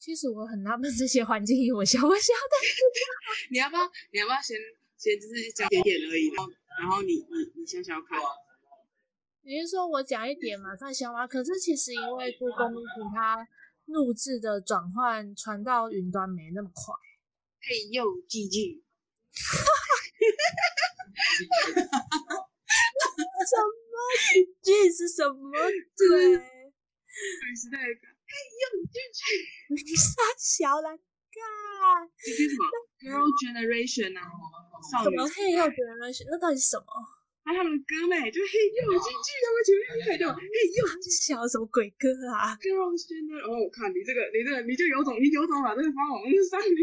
.其實我很納悶，這些環境音我曉不曉得 你要不要？你要不要先先就是講一點，點而已，然後然後你、嗯、你小小你想想看你是說我講一點嘛，再想嘛？可是其實因為故宮它錄製的轉換傳到雲端沒那麼快。嘿呦，GG，哈哈哈哈哈哈，怎麼 GG 是什麼，對？對對對對。嘿呦進去，傻小懶干這是什麼 Girl Generation 啊？少女時代 Generation 那到底是什麼？哎，他們歌名就嘿呦進去他們前面一開頭黑小什麼鬼歌啊？Girl Generation，我看你這個，你這個，你就有種，你有種把這個翻紅。你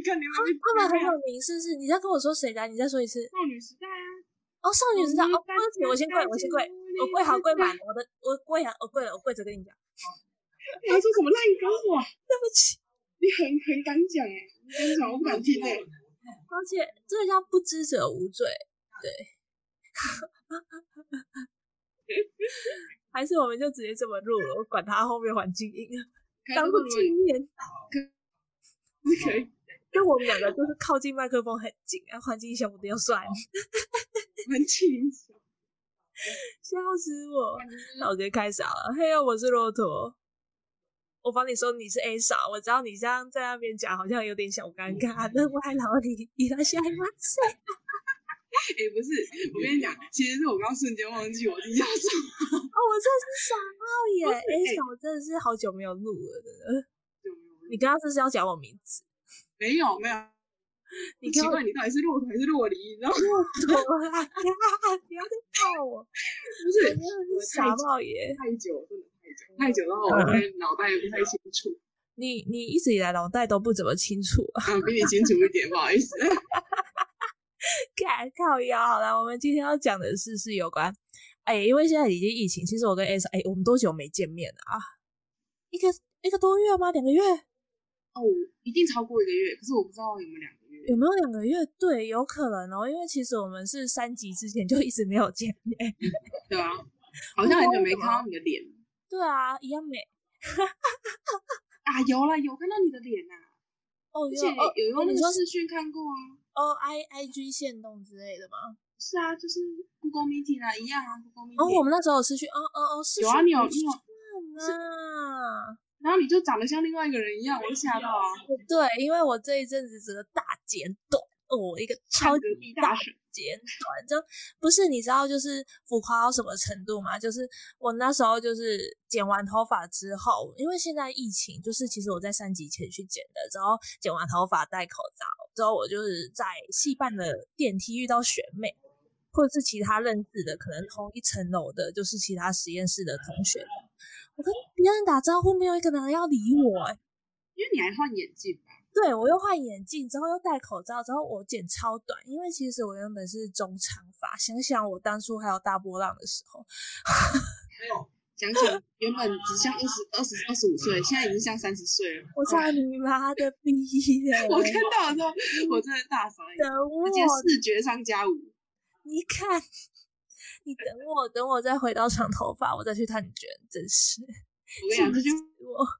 看，你看，他們很有名，是不是？你在跟我說誰的？你再說一次。少女時代啊！哦，少女時代。哦，對不起，我先跪，我先跪，我跪好跪滿，我的，我跪了，我跪了，我跪着跟你講。你還說什麼爛歌我？哇，對不起，你很很敢講哎、欸！我跟你講，我不敢聽哎。而且，真的叫不知者無罪。對， 還是我們就直接這麼錄了，我管他後面環境音。當做紀念，可以。因為我們兩個都是靠近麥克風很近，然後環境音小，我都要算很清楚，， 笑死我！那我直接開始了。嘿呦，我是駱駝。我幫你說你是 A 嫂，我知道你這樣在那邊講好像有點小尷尬，那、欸、我還老你你那些還發菜？哎、 欸，不是，我跟你講，其實是我剛瞬間忘記我你叫什麼。哦、喔，我真的是傻帽耶是！A 嫂，我真的是好久沒有錄了的。欸、你剛剛就是要講我名字？沒有，沒有。 你我奇怪，你到底是洛凱還是洛離？然後，啊、 不要再罵我！不是，是傻我傻帽耶！太久了，真太久的話，我可能腦袋也不太清楚。嗯、你你一直以來腦袋都不怎麼清楚。嗯，比你清楚一點， 不好意思。哈，哈，哈，哈，哈，哈，靠腰，好了，我們今天要講的事是有關，哎、欸，因為現在已經疫情，其實我跟 S，哎、欸，我們多久沒見面了啊？一個一個多月嗎？兩個月？哦，一定超過一個月，可是我不知道有沒有兩個月。有沒有兩個月？對，有可能哦、喔，因為其實我們是三級之前就一直沒有見面。嗯、對啊，好像很久沒看到你的臉。對啊，一樣美 啊，有了有看到你的臉吶、啊哦，哦，且哦有有用那個視訊看過啊，哦 i i g 限動之類的嗎？是啊，就是 Google Meet 啦、啊，一樣啊 Google Meet。哦我們那時候有視訊，哦哦哦視訊有啊你有你有啊，有有是然後你就長得像另外一個人一樣，嗯、我嚇到啊。對，因為我這一陣子整個大剪短，哦一個超級大。剪短，就不是你知道，就是浮誇到什麼程度嗎？就是我那時候就是剪完頭髮之後，因為現在疫情，就是其實我在三級前去剪的，之後剪完頭髮戴口罩之後，我就是在系辦的電梯遇到學妹，或者是其他認識的，可能同一層樓的，就是其他實驗室的同學，我跟別人打招呼，沒有一個男人要理我、欸，因為你還換眼鏡。對，我又換眼鏡，之後又戴口罩，之後我剪超短，因為其實我原本是中長髮。想想我當初還有大波浪的時候，還 有想想原本只像二十二十二十五歲，現在已經像三十歲了。我操你媽的逼、欸！我看到的時候我真的大傻眼，直接視覺上加五。你看，你等我，等我再回到長頭髮，我再去探你，覺得真是，我跟你講，就是，是我就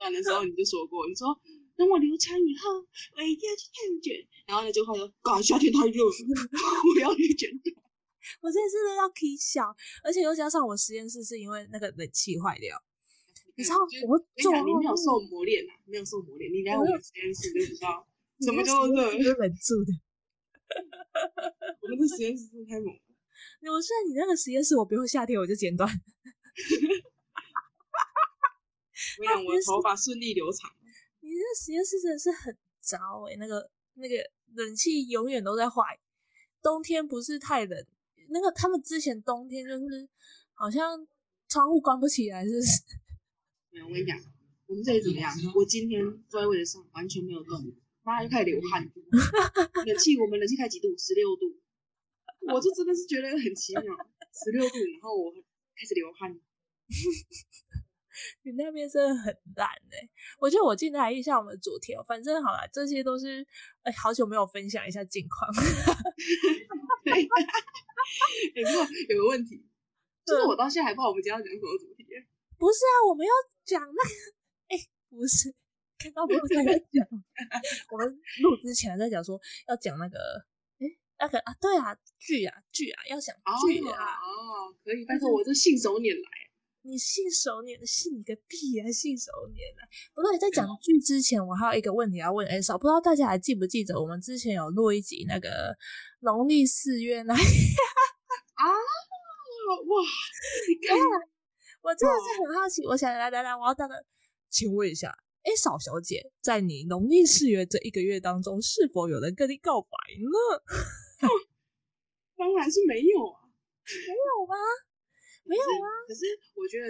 短的時候你就說過，你說。等我留長以後，我一定要去燙捲，然後呢就會說，搞夏天太熱了，我要去卷。我真的是要 u c 小，而且又加上我實驗室是因為那個冷氣壞掉，啊、你知道就我做了，你沒有受磨練吶、啊，沒有受磨練，你在我實驗室就知道什麼叫做熱，是忍住的。我們的實驗室是太猛的。我說你那個實驗室，我不用夏天我就剪斷。 我想我頭髮順利留長。那實驗室真的是很糟誒、欸，那個那個冷氣永遠都在壞，冬天不是太冷。那個他們之前冬天就是好像窗戶關不起來，是。沒有，我跟你講，我們這裡怎麼樣？我今天坐在位置上完全沒有動，媽又開始流汗。 冷氣，我們冷氣開幾度？十六度。我就真的是覺得很奇妙，十六度，然後我開始流汗。 你那邊真的很爛哎、欸！我覺得我進來一下，我們的主題、喔，反正好了，這些都是哎、欸，好久沒有分享一下近況。對、 欸，有個問題，對就是我到現在還怕我們今天要講什麼主題、啊？不是啊，我們要講那個，哎、欸，不是，剛剛不是在講， 我們錄之前在講說要講那個，哎、欸，那個啊，對啊，劇啊劇啊，要講劇啊、哦、啊。哦，可以，但是，但是我就信手拈來。你信手拈信你個屁，啊，還信手拈來？不對，在講劇之前，我還有一個問題要問 A 嫂，A 嫂不知道大家還記不記得我們之前有錄一集那個農曆四月那？ 啊，哇！你看， 我真的是很好奇，我想來來來，我要等等，請問一下，A 嫂小姐，在你農曆四月這一個月當中，是否有人跟你告白呢？ 哦、當然是沒有啊，沒有嗎？沒有啊，可是我覺得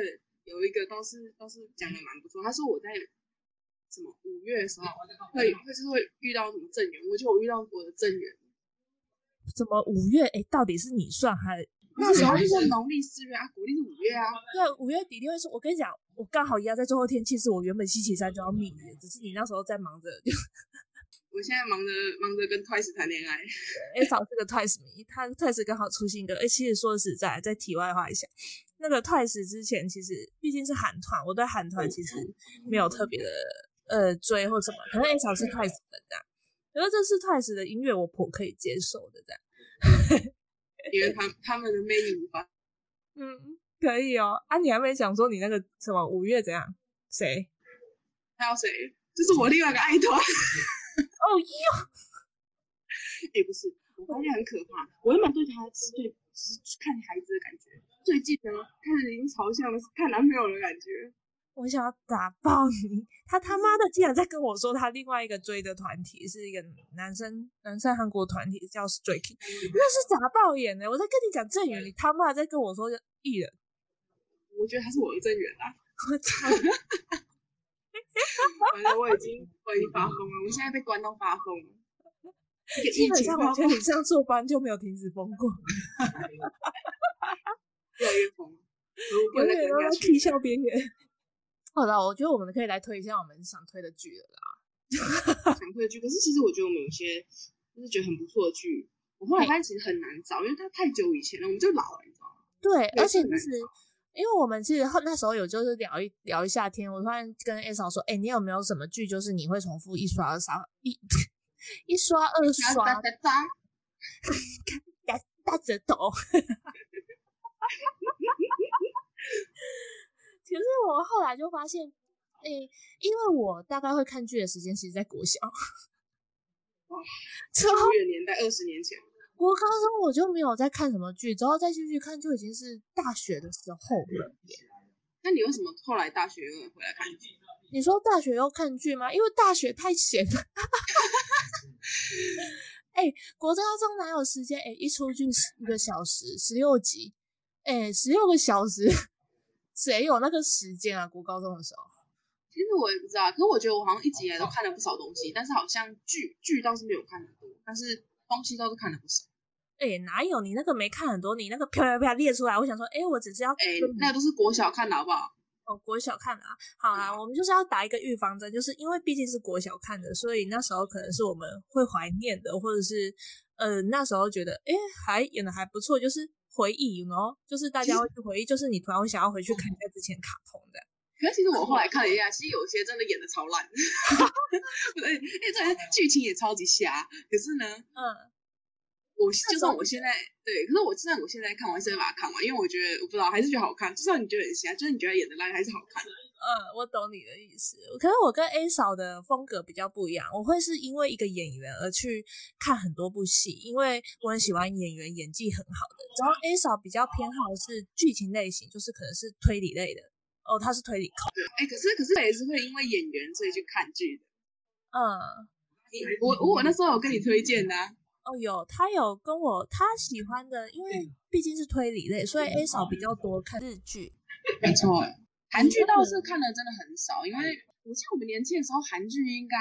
有一個倒是倒是講的蠻不錯。他說我在什麼五月的時候會、嗯、會就是會遇到什麼正緣，我覺得我遇到過的正緣，什麼五月哎、欸，到底是你算還？是還是那時候就是農曆四月啊，國曆是五月啊，對，啊對，五月底定會是我跟你講。我剛好一樣，在最後一天，其實我原本星期三就要命的、欸，只是你那時候在忙着就。就我現在忙着忙着跟 Twice 談戀愛。A 嫂這對 個 Twice 迷，他 Twice 剛好出新歌。哎、欸，其實說實在，在題外話一下，那個 Twice 之前其實畢竟是韓團，我對韓團其實沒有特別的呃追或什麼。可能 A 嫂是，是 Twice 的，因為這是 Twice 的音樂我頗可以接受的，這樣。因 為他們他們的魅力無法，嗯。可以哦，啊，你還沒想說你那個什麼五月怎樣？誰？還有誰？這、就是我另外一個愛豆。哦喲！欸不是，我發現很可怕。我原本對他是最是看孩子的感覺，最近呢，看林朝向是看男朋友的感覺。我想要打爆你！他他媽的竟然在跟我說，他另外一個追的團體是一個男生男生韓國團體叫 Striking，嗎那是打爆眼的，我在跟你講正經，你他媽在跟我說藝人。我覺得他是我的正緣啊，我操！反正我已經我已經發瘋了，我現在被關到發瘋。基本上，我，從你上做班就沒有停止瘋過。越來越瘋，永遠都在替笑邊緣。好了，我覺得我們可以來推一下我們想推的劇了啦。想推的劇，可是其實我覺得我們有一些就是覺得很不錯的劇，我後來發現其實很難找，因為它太久以前了，我們就老了，你知道嗎？對，而且就是。因為我們其實那時候有就是聊一聊一下天，我突然跟 A 嫂說：“哎、欸，你有沒有什麼劇，就是你會重複一刷二刷一一刷二刷，大舌頭。得” 其實我後來就發現，哎、欸，因為我大概會看劇的時間，其實，在國小，哇、哦，後年代，二十年前。國高中我就沒有在看什麼劇，之後再繼續看就已經是大學的時候了。嗯、那你為什麼後來大學又回來看劇？你說大學又看劇嗎？因為大學太閒了。哎、 欸，國高中哪有時間？哎、欸，一齣劇一個小時，十六集，哎、欸，十六個小時，誰有那個時間啊？國高中的時候，其實我也不知道。可是我覺得我好像一直以來都看了不少東西，但是好像劇劇倒是沒有看很多，但是。東西倒是看得不少，哎、欸，哪有你那個沒看很多？你那個啪啪啪列出來，我想說，哎、欸，我只是要，哎、欸，那個、都是國小看的好不好？哦，國小看的、啊，好啦、啊，嗯、我們就是要打一個預防針，就是因為畢竟是國小看的，所以那時候可能是我們會懷念的，或者是呃那時候覺得，哎、欸，還演得還不錯，就是回憶，有沒有？就是大家會去回憶，實就是你突然會想要回去看一下之前卡通的。嗯可是其實我後來看了一下，嗯、其實有些真的演的超爛，哈哈、嗯，對呵，因為劇情也超級瞎。嗯、可是呢，嗯，我就算我現在、嗯、對，可是我就算我現在看完，還是會把它看完，因為我覺得我不知道，還是覺得好看。就算你覺得很瞎，就算你覺得演的爛，還是好看。嗯，我懂你的意思。可是我跟 A 嫂的風格比較不一樣，我會是因為一個演員而去看很多部戲，因為我很喜歡演員演技很好的。然後 A 嫂比較偏好是劇情類型，就是可能是推理類的。哦，他是推理控。哎、欸，可是可是他也是會因為演員所以去看劇的。嗯，我我那時候有跟你推薦的、啊。哦，有他有跟我他喜歡的，因為畢竟是推理類，嗯、所以 A 嫂比較多看日劇、嗯。沒錯，韓劇倒是看的真的很少，因為我記得我們年輕的時候韓劇應該，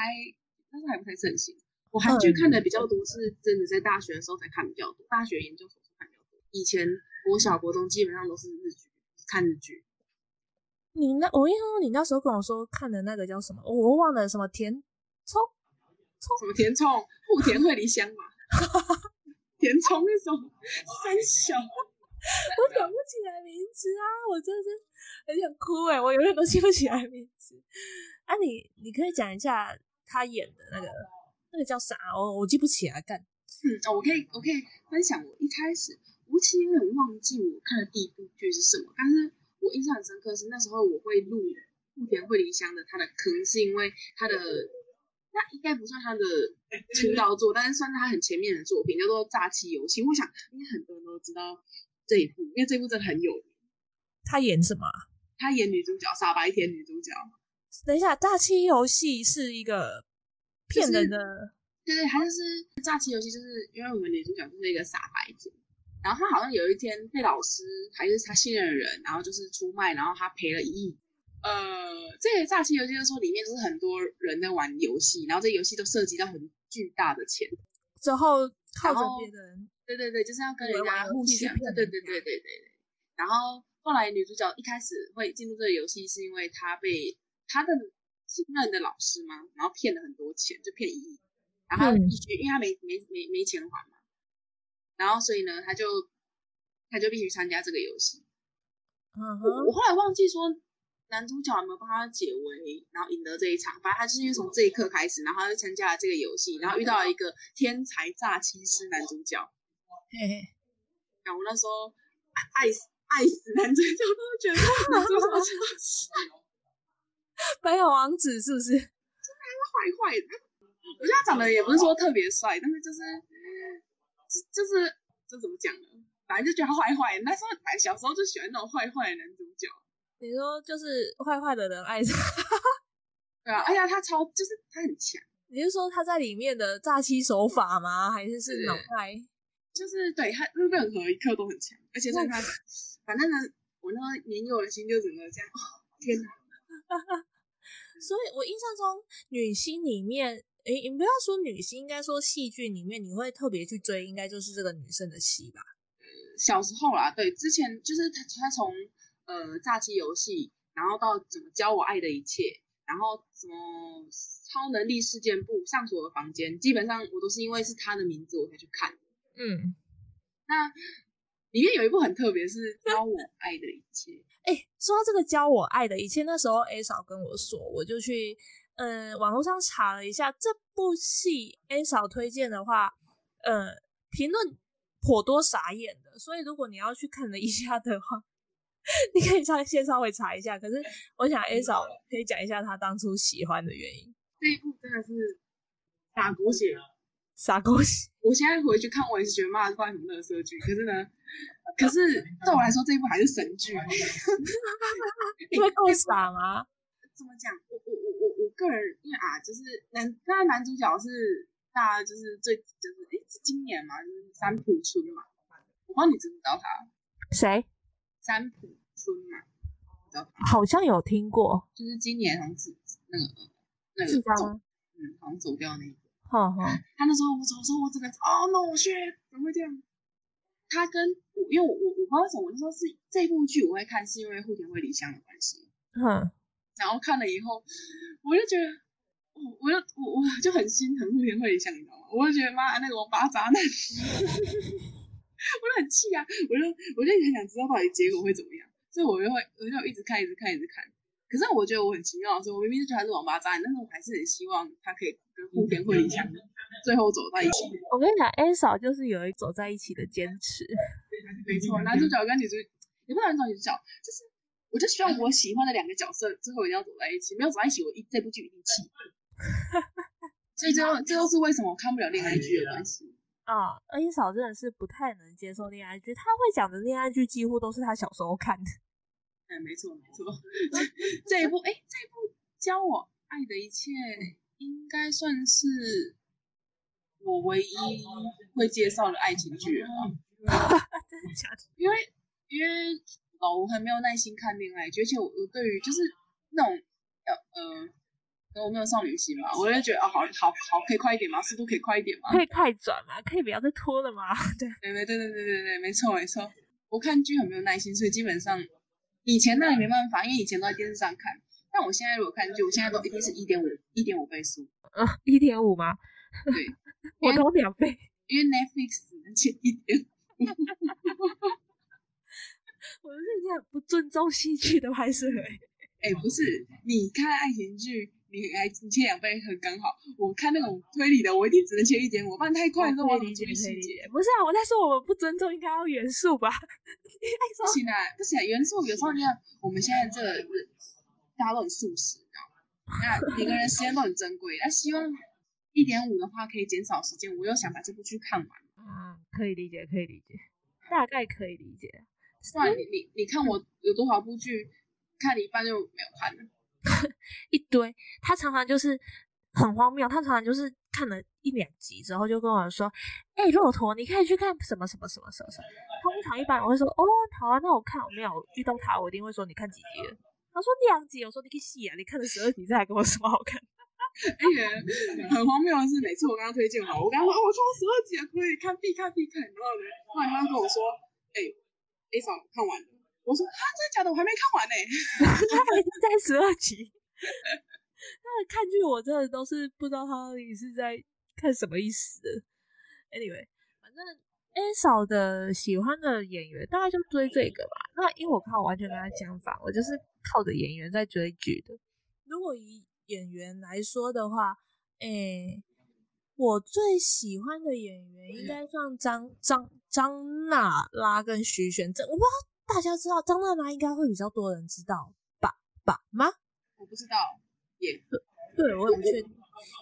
但是還不太盛行。我韓劇看的比較多是真的在大學的時候才看比較多，大學研究所看比較多。以前國小國中基本上都是日劇，看日劇。你那我因為你那時候跟我說看的那個叫什麼？哦、我忘了什麼填充，田蔥蔥什麼填充？戶田惠梨香嘛？填充 那種分享， 我想 不起來名字啊！我真的是很想哭哎、欸，我有點都記不起來名字啊你！你你可以講一下他演的那個吧那個叫啥？我我記不起來、啊，幹、嗯、哦，我可以我可以分享我一開始，我其實有點忘記我看的第一部劇是什麼，但是。我印象很深刻是那時候我會錄戶田惠梨香的，她的坑是因為她的那應該不算她的出、欸、道作，但是算是她很前面的作品，叫做《詐欺遊戲》。我想因為很多人都知道這一部，因為這一部真的很有名。他演什麼？他演女主角，傻白甜女主角。等一下，《詐欺遊戲》是一個騙人的，就是、對，對對，還是詐欺、就是《詐欺遊戲》？就是因為我們女主角就是那個傻白甜。然後他好像有一天被老師還是他信任的人，然後就是出賣，然後他賠了一億。呃，這個詐欺遊戲就是說裡面就是很多人在玩遊戲，然後這遊戲都涉及到很巨大的錢，之後靠着別人，對對對，就是要跟人家互相，對對對對對對。嗯、然後後來女主角一開始會進入這個遊戲，是因為她被她的信任的老師嘛，然後騙了很多錢，就騙一億，然後因為因為她沒沒沒沒錢還嘛。然後，所以呢，他就他就必須參加這個遊戲。Uh huh. 我,我後來忘記說男主角有沒有幫他解圍，然後贏得這一場。反正他就是因為從這一刻開始，然後他就參加了這個遊戲，然後遇到了一個天才詐欺師男主角。嘿嘿、uh，我、huh. 那時候愛死愛死男主角都覺得，男主角沒有王子是不是？真的壞壞的。我覺得他長得也不是說特別帥，但是就是。就就是這怎麼講呢？反正就覺得他壞壞，那時候哎小時候就喜歡那種壞壞的男主角。你說就是壞壞的人愛上， 對啊，哎呀，他超就是他很強。你就是說他在裡面的詐欺手法嗎？對還是是腦壞？就是對他任何一刻都很強，而且他， 反正呢我那個年幼的心就只能這樣。哦、天吶。 所以，我印象中女星裡面。哎，你、欸、不要說女星，應該說戲劇裡面你會特別去追，應該就是這個女生的戲吧，嗯。小時候啦，對，之前就是他，他從呃《詐欺遊戲》，然後到《怎麼教我愛的一切》，然後什麼《超能力事件簿》、《上鎖的房間》，基本上我都是因為是他的名字我才去看。嗯，那裡面有一部很特別，是《教我愛的一切》。哎， 欸，說到這個《教我愛的一切》，那時候 A 嫂，欸、跟我說，我就去。呃、嗯，網絡上查了一下這部戲，A 嫂推薦的話，呃、嗯，評論頗多傻眼的。所以，如果你要去看了一下的話，你可以上線上會查一下。可是，我想 A 嫂可以講一下她當初喜歡的原因。這一部真的是傻狗血啊！傻狗血！我現在回去看，我也是覺得罵關什麼垃圾劇。可是呢，可是,可是對我來說，這一部還是神劇、欸。因為夠傻嗎？欸、怎麼講？我我。個人因為啊，就是男，那男主角是大家就是最就是誒、欸、是今年嘛，就是三浦春馬嘛。我不知道你知不知道他？誰誰？三浦春馬嘛，好像有聽過，就是今年好像是那個那個走，嗯，好像走掉那一個。嗯嗯呵。他那時候我怎麼說？我這個哦那我去怎麼會這樣？他跟因為我我不知道為什麼，我就說是，是這部劇我會看，是因為戶田惠梨香的關係。嗯。然後看了以後，我就覺得，我我就我我就很心疼顧天惠一家，你知道嗎？我就覺得媽那個王八渣男，那是 我就很氣啊！我就我就很想知道到底結果會怎麼樣，所以我就會我就一直看，一直看，一直看。可是我覺得我很奇妙的是，我明明就覺得他是王八渣，但是我還是很希望他可以跟顧天惠一家最後走在一起。我跟你講，A 嫂就是有一走在一起的堅持，沒錯，男主角跟女主角也不算男主角，就是。我就希望我喜歡的兩個角色最後一定要走在一起，沒有走在一起，我一這部劇一定棄。所以這又這又是為什麼我看不了戀愛劇的關係？啊，A 嫂真的是不太能接受戀愛劇，他會講的戀愛劇幾乎都是他小時候看的。哎，沒錯沒錯。這一部哎，這一部《教我愛的一切》應該算是我唯一會介紹的愛情劇了。嗯嗯、真的假的？因為因為。哦，我很沒有耐心看戀愛，而且我對於就是那種呃呃，我沒有少女心嘛，我就覺得啊，好，好，好，可以快一點嘛，速度可以快一點嘛，可以快轉嘛，可以不要再拖了嘛，對，沒對對對對，對沒錯沒錯。我看劇很沒有耐心，所以基本上以前那也沒辦法，因為以前都在電視上看。但我現在如果看劇，我現在都一定是一點五，一點五倍速。嗯，一點五嗎？對，我都兩倍，因為 Netflix 只能切一點五。 我就是這樣不尊重戲劇的拍攝。哎，不是，你看愛情劇，你還切兩倍很剛好；我看那種推理的，我一定只能切一點五，我不然太快了，我怎麼注意細節？不是啊，我在說我們不尊重應，應該要原速吧？不行啊，不行，原速有時候你看我們現在這個、大家都很速食，你知道嗎？那每個人時間都很珍貴，那、啊、希望一點五的話可以減少時間，我又想把這部劇看完啊。可以理解，可以理解，大概可以理解。算你你你看我有多少部劇，看一半就沒有看了， 一堆。他常常就是很荒謬，他常常就是看了一兩集之後就跟我說：“哎、欸，駱駝，你可以去看什麼什麼什麼什麼什麼。通常一般我會說：“哦，好啊，那我看我沒有我遇到他，我一定會說你看幾集了？他說兩集，我說你可以細啊，你看了十二集再跟我說什麼好看？哎呀、 欸， 很荒謬的是，每次我跟他推薦嘛，我跟他說、哦、我說十二集可以看必看必看，然後呢，後來他跟我說：“哎、欸。” A 嫂看完，我說，啊，真的假的？我還沒看完呢， 他還在十二集。 看劇我真的都是不知道他到底是在看什麼意思的。Anyway，反正 A 嫂的喜歡的演員大概就追這個吧。那因為我看我完全跟他相反，我就是靠着演員在追劇的。如果以演員來說的話，誒。我最喜歡的演員應該算張對張張娜拉跟徐玄正，我不知道大家知道張娜拉應該會比較多人知道吧？爸嗎？我不知道，也對，我也不確定。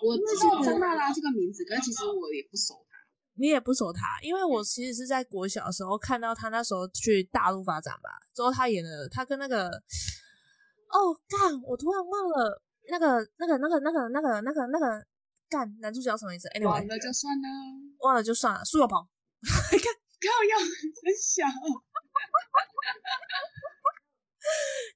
我知道張娜拉這個名字，但其實我也不熟他。你也不熟他，因為我其實是在國小的時候看到他，那時候去大陸發展吧。之後他演的，他跟那個……哦，幹！我突然忘了那個那個那個那個那個那個那個。幹男主角什麼意思？忘、anyway, 了就算了，忘了就算了。蘇有朋， 看，看我要很小，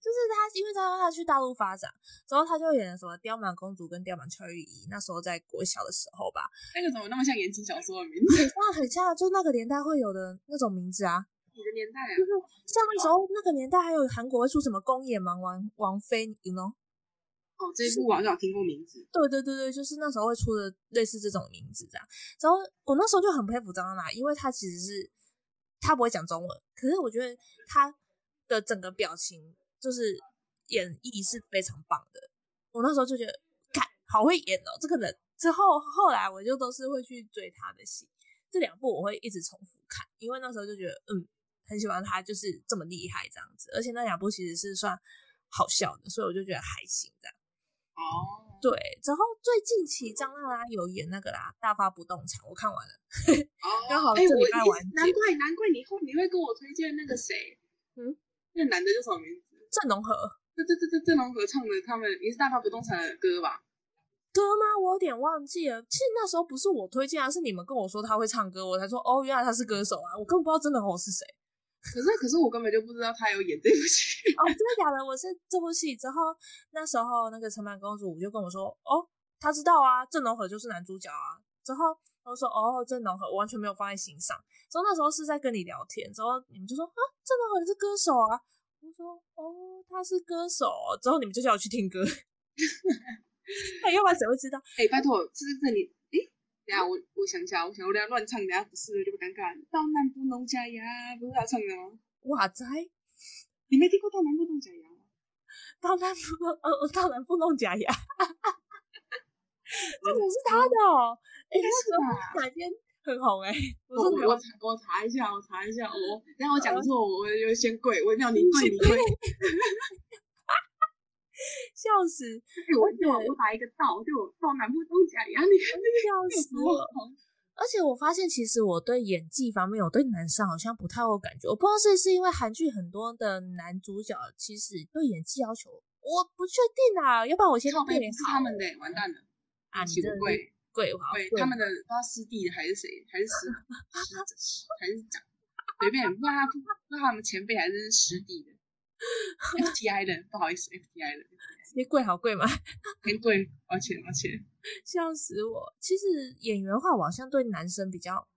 就是他，因為他要他去大陸發展，之後他就演了什麼《刁蠻公主》跟《刁蠻俏御醫》。那時候在國小的時候吧。那個怎麼那麼像言情小說的名字？很像，很像，就是那個年代會有的那種名字啊。你的年代啊？就是 像那時候哇那個年代，還有韓國會出什麼《公演嗎王王妃》有哦，這一部我好像有聽過名字。對對對對，就是那時候會出的類似這種名字這樣。然後我那時候就很佩服張娜拉，因為她其實是她不會講中文，可是我覺得她的整個表情就是演繹是非常棒的。我那時候就覺得，幹，好會演哦，這個人。之後後來我就都是會去追他的戲，這兩部我會一直重複看，因為那時候就覺得嗯，很喜歡他，就是這麼厲害這樣子。而且那兩部其實是算好笑的，所以我就覺得還行這樣。哦，oh. 對，之後最近期張娜拉有演那個啦，《大發不動產》，我看完了， oh. 剛好哎，禮拜完難怪難怪你後你會跟我推薦那個誰，嗯，那個男的叫什麼名字？鄭容和，鄭鄭鄭鄭鄭容和唱的他們也是《大發不動產》的歌吧？歌嗎？我有點忘記了。其實那時候不是我推薦啊，是你們跟我說他會唱歌，我才說哦，原來他是歌手啊，我根本不知道鄭容和是誰。可是可是我根本就不知道他有演這部戲哦，真的假的？我是這部戲之後，那時候那個陳滿公主就跟我說，哦，他知道啊，鄭容和就是男主角啊。之後我說，哦，鄭容和我完全沒有放在心上。之後那時候是在跟你聊天，之後你們就說啊，鄭容和你是歌手啊。我說，哦，他是歌手。之後你們就叫我去聽歌，要不然誰會知道？哎，拜托，就是這裡。是是你對啊，我我想一下，我想我倆亂唱，人家不是了就不尷尬。刀男不弄假牙，不是他唱的嗎？哇塞，你沒聽過刀男不弄假牙嗎？刀男不，呃，刀男不弄假牙，這 種 是他的哦、喔。哎，哪、欸、說哪天很好哎、欸？我我查我查一下，我查一下，嗯、我，如果我講錯，呃、我就先跪，我叫你跪，你跪，。 笑死！我、欸、我打一個道，嗯、就我男朋友都假一樣，你笑死！我是而且我發現，其實我對演技方面，我對男生好像不太有感覺。我不知道是不是因為韓劇很多的男主角，其實對演技要求，我不確定啊。要不然我先放背面是他們的，完蛋了啊！前輩，貴輩，他們的他師弟還是誰，還是師 還是長，隨便， 不怕不怕他們前輩還是師弟的。 F T I 的不好意思，F T I 的，你貴好貴嘛，很貴，而且而且笑死我。其實演員的話，我好像對男生比較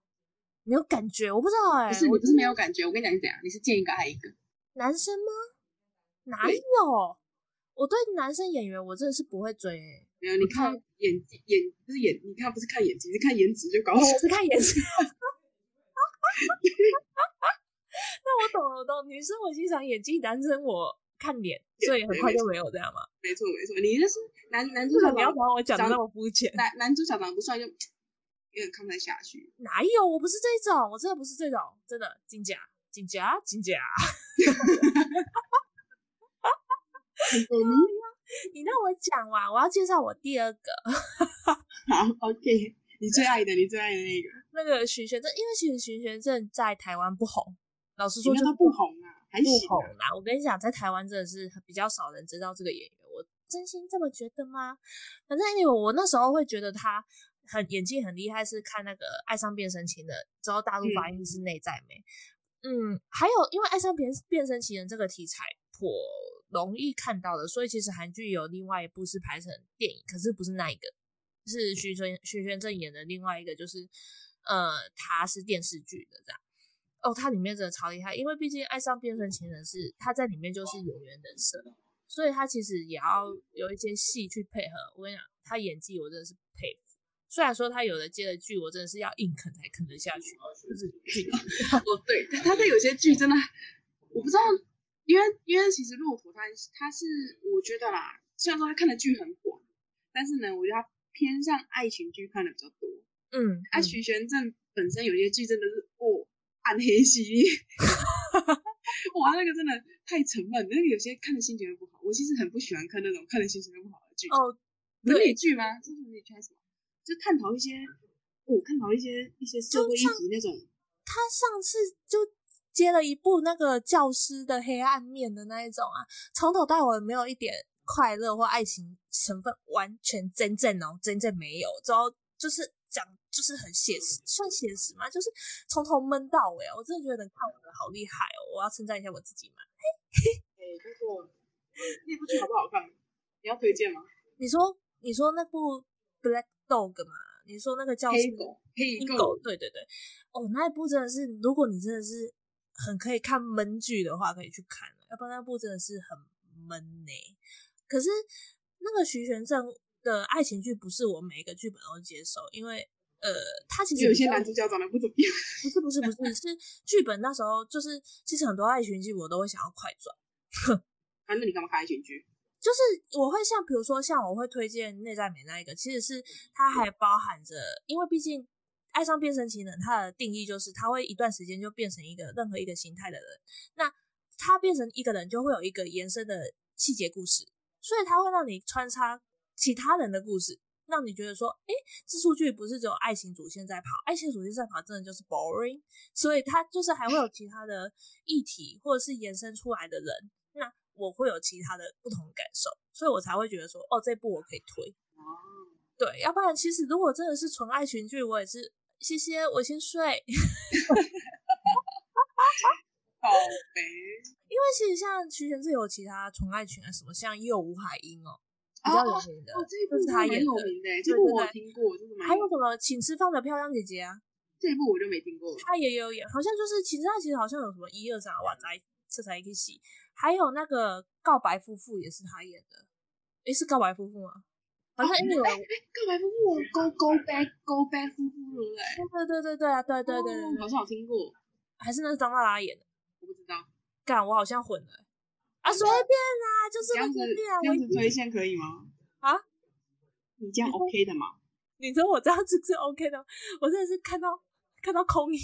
沒有感覺，我不知道哎、欸。不是，我不是沒有感覺，我跟你講是怎樣，你是見一個愛一個。男生嗎？哪有？欸、我對男生演員，我真的是不會追、欸。哎，沒有，你看演技演，不是演，你看不是看演技，是看顏值就搞好了，是看顏值。 那我懂了，懂女生我欣賞演技，男生我看臉，對所以很快就沒有這樣嘛。沒錯，沒錯，你就是男男主角，少不要把我講的那麼膚淺。男男主角長得不帥，就有點看不太下去。哪有？我不是這種，我真的不是這種，真的。真假，真假，真假。你讓我講嘛，我要介紹我第二個。 好，OK，你最愛的， 你最愛的那個。那個徐玄正，因為其實徐玄正在台灣不紅。老實說就，就不紅啊，不紅啊！啊我跟你講，在台灣真的是比較少人知道這個演員，我真心這麼覺得嗎？反正因為我那時候會覺得他很演技很厲害，是看那個《愛上變身情人》之後，大陸發音是內在美。嗯,嗯，還有因為《愛上變變身情人》這個題材頗容易看到的，所以其實韓劇有另外一部是拍成電影，可是不是那一個，是徐玄，徐玄振演的另外一個，就是呃，他是電視劇的這樣。哦，他裡面真的超厲害，因為畢竟《愛上變身情人》是他在裡面就是演員人設，Wow. 所以他其實也要有一些戲去配合。我跟你講，他演技我真的是佩服。雖然說他有的接的劇，我真的是要硬啃才啃得下去，是哦，對，但他在有些劇真的我不知道，因為因為其實駱駝他他是我覺得啦，雖然說他看的劇很廣，但是呢，我覺得他偏向愛情劇看的比較多。嗯，愛、嗯啊、徐玄鎮本身有些劇真的是哦。暗黑系， 哇，那個真的太沉悶，那個有些看的心情又不好。我其實很不喜歡看那種看的心情又不好的劇哦，倫理劇嗎？就對是倫理劇還是什麼？就探討一些，哦，探討一些一些社會議題那種。他上次就接了一部那個教師的黑暗面的那一種啊，從頭到尾沒有一點快樂或愛情成分，完全真正哦，真正沒有，主要就是講。就是很寫實，算寫實嗎？就是從頭悶到尾啊！我真的覺得能看我的好厲害哦，我要稱讚一下我自己嘛。嘿，嘿、欸，是那部劇好不好看？欸、你要推薦嗎？你說，你說那部《Black Dog》嘛？你說那個叫什麼？黑狗，黑狗，狗，對對對，哦，那部真的是，如果你真的是很可以看悶劇的話，可以去看了。要不然那部真的是很悶呢、欸。可是那個徐玄正的愛情劇，不是我每一個劇本都接受，因為。呃，他其實有些男主角長得不怎麼樣。不是不是不是， 是劇本那時候就是，其實很多愛情劇我都會想要快轉。哼， 啊，那你幹嘛看愛情劇？就是我會像比如說像我會推薦《內在美》那一個，其實是它還包含着，嗯、因為畢竟愛上變身情人，它的定義就是它會一段時間就變成一個任何一個形態的人。那他變成一個人，就會有一個延伸的細節故事，所以他會讓你穿插其他人的故事。讓你覺得說，哎，這出劇不是只有愛情主線在跑，愛情主線在跑真的就是 boring，所以它就是還會有其他的議題或者是延伸出來的人，那我會有其他的不同感受，所以我才會覺得說，哦，這部我可以推。Oh. 對，要不然其實如果真的是純愛情劇，我也是，謝謝，我先睡， Okay. 因為其實像徐玄志有其他純愛情啊什麼，像又有吳海英哦。比較有名的，哦，這一部是他演的，這部我聽過，還有什麼？請吃飯的漂亮姐姐啊，這一部我就沒聽過。他也有演，好像就是其實他其實好像有什麼一二三晚來這才一戲還有那個告白夫婦也是他演的，誒是告白夫婦嗎？好像有，哎，告白夫婦，Go Go Back Go Back 夫婦嘞，對對對對對啊，對對對，好像我聽過，還是那是張娜拉演的，我不知道，幹，我好像混了。啊，隨便啦，就是隨便。這樣子推線可以嗎？啊，你這樣 OK 的嗎？你說我這樣子是 OK 的嗎？我真的是看到看到空影。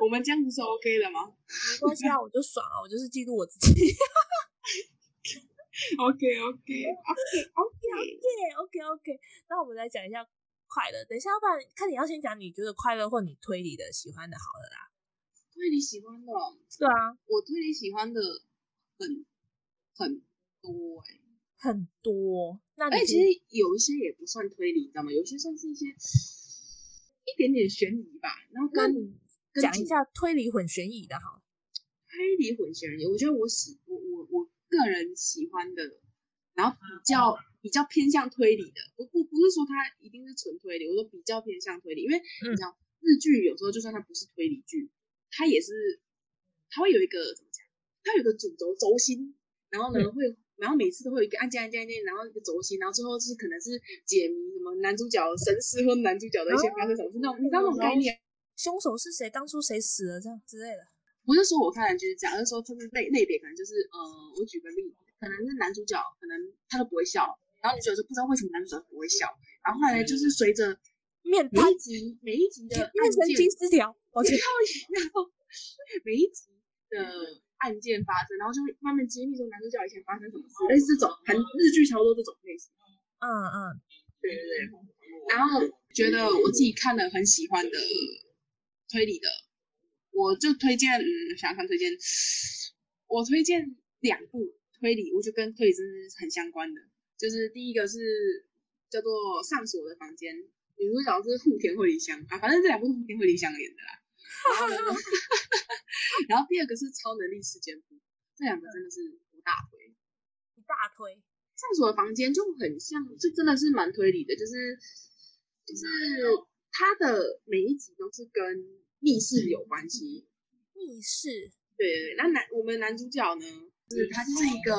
我們這樣子是 OK 的嗎？沒關係啊，我就爽啊，我就是記錄我自己。 OK OK OK OK OK OK OK, okay.。那我們來講一下快樂，等一下，要不然看你要先講你覺得快樂或你推理的喜歡的好了啦。推理喜、哦啊、喜歡的？對啊，我推理喜歡的。很很多哎，很多、欸、很多那，而且其實有一些也不算推理，你知道嗎？有些算是一些一點點懸疑吧。然後跟你講一下推理混懸疑的哈，推理混懸疑，我覺得我喜我我我個人喜歡的，然後比較、嗯啊、比較偏向推理的。不不不是說它一定是純推理，我說比較偏向推理，因為你知道日劇有時候、嗯、就算它不是推理劇，它也是它會有一個，怎麼講？它有一個主軸軸心，然後呢、嗯、會，然後每次都會有一個按鍵按鍵按鍵，然後一個軸心，然後最後就是可能是解謎什麼男主角的神思或男主角的一些發生、啊、什麼事那種，你知道那種概念？凶手是誰？當初誰死了？這樣之類的。不是說我看就是這樣，而是說他是類類別，可能就是呃，我舉個例子，可能是男主角，可能他都不會笑，然後女主角就不知道為什麼男主角不會笑，然後後來、嗯、就是隨着面，每一集、嗯、每一集的面神經失調，然後每一集的。案件發生，然後就會慢慢揭秘，說男主角以前發生什麼事，類似、oh, 欸、這種，很日劇超多這種類型。嗯嗯，對對對。然後、嗯、覺得我自己看了很喜歡的推理的，我就推薦，嗯，想要看推薦，我推薦兩部推理，我就跟推理真的很相關的，就是第一個是叫做上鎖的房間，女主角是戶田惠梨香，啊，反正這兩部是戶田惠梨香演的啦。然後， 然後第二個是超能力事件簿，這兩個真的是不大推，不大推。上鎖的房間就很像，就真的是蠻推理的，就是就是他的每一集都是跟密室有關係，嗯。密室，對對對。那男我們男主角呢，就是他是一個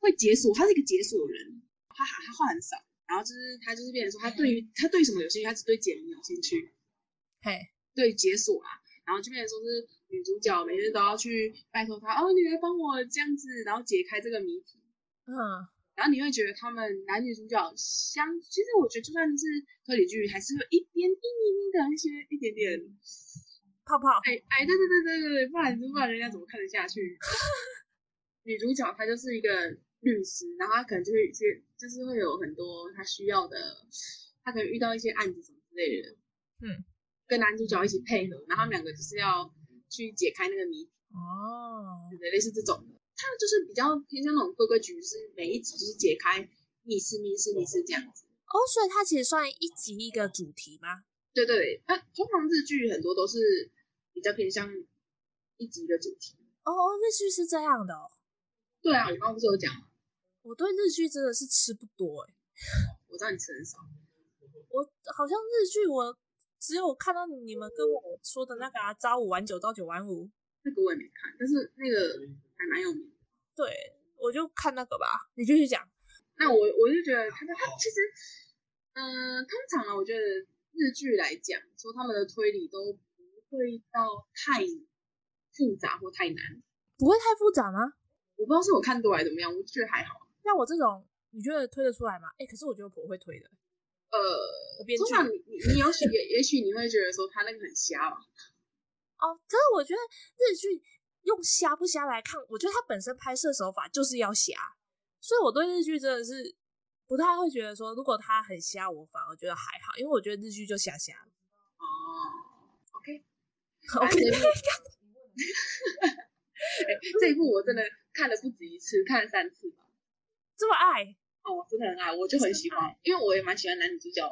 會解鎖，他是一個解鎖人。他他話很少，然後就是他就是變成說他對於他對什麼有興趣，他只對解謎有興趣。嘿。對，解鎖啊，然後就變成說是女主角每日都要去拜託他哦，你來幫我這樣子，然後解開這個謎題，嗯，然後你會覺得他們男女主角相，其實我覺得就算是推理劇，還是會有一點一咪咪的一些一點點泡泡，哎哎，對、哎、對對對對對，不然不然人家怎麼看得下去？ 女主角她就是一個律師，然後她可能就會去，就是會有很多她需要的，她可能遇到一些案子什麼之類的，嗯。跟男主角一起配合，然後他們兩個就是要去解開那個謎哦，對，oh. 類似這種，的，它就是比較偏向那種規規矩矩，是每一集就是解開密室、密室、密室這樣子哦。Oh, 所以它其實算一集一個主題嗎？對，對對，它通常日劇很多都是比較偏向一集的主題哦哦，oh, oh, 日劇是這樣的、哦，對啊，你剛剛不是有講嗎？我對日劇真的是吃不多、欸、 我知道你吃很少， 我好像日劇我。只有我看到你們跟我說的那個、啊「朝五晚九，朝九晚五」，那個我也沒看，但是那個還蠻有名的。對，我就看那個吧。你繼續講。那我我就覺得他他其實，嗯、呃，通常呢，我覺得日劇來講，說他們的推理都不會到太複雜或太難。不會太複雜嗎？我不知道是我看多還是怎麼樣，我覺得還好。那我這種你覺得推得出來嗎？哎、欸，可是我覺得我不會推的。呃，中港劇，你你你，也許也也許你會覺得說他那個很瞎吧？哦，可是我覺得日劇用瞎不瞎來看，我覺得他本身拍攝手法就是要瞎，所以我對日劇真的是不太會覺得說如果他很瞎，我反而覺得還好，因為我覺得日劇就瞎瞎了。哦，OK，OK，okay. Okay. 欸，這一部我真的看了不止一次，看了三次吧，這麼愛。哦，真的很愛，啊，我就很喜歡，就是，因為我也蠻喜歡男女主角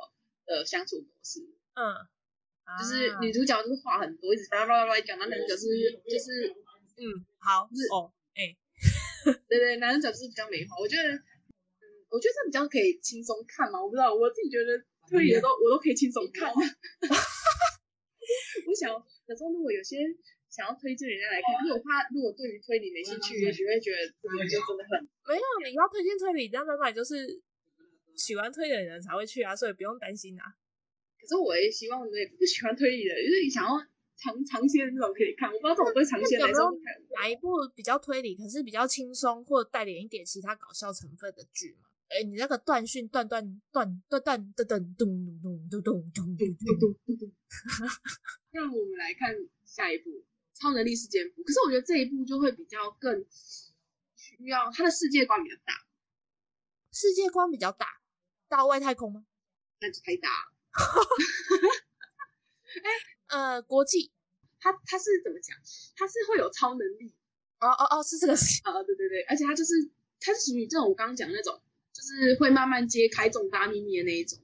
的相處模式，嗯，就是女主角就是話很多，一直叭叭叭叭講，男主角是，嗯、就是，嗯，好，是哦，哎、欸， 對，對對，男主角就是比較美好，我覺得，我覺得這比較可以輕鬆看嘛，我不知道我自己覺得，的，oh、yeah. 也都我都可以輕鬆看， 我想假裝如果有些。想要推薦人家來看，因為我怕如果對於推理沒興趣，也許會覺得這個就真的很沒有。你要推薦推理，那本來就是喜歡推理的人才會去啊，所以不用擔心啊。可是我也希望我也不喜歡推理的，就是你想要長長篇的那種可以看。 我不知道我最長篇的哪一部比較推理，可是比較輕鬆或帶點一點其他搞笑成分的劇嘛？哎、欸，你那個斷訊斷斷斷斷斷斷斷咚咚咚咚咚咚咚咚咚咚咚咚，讓我們來看下一部。超能力事件簿，可是我覺得這一部就會比較更需要他的世界觀比較大，世界觀比較大，大外太空嗎？那就太大了。哎、 欸，呃，國際，他他是怎麼講？他是會有超能力？哦哦哦，是這個是，啊啊，對對對，而且他就是，他是屬於這種我剛剛講的那種，就是會慢慢揭開重大秘密的那一種。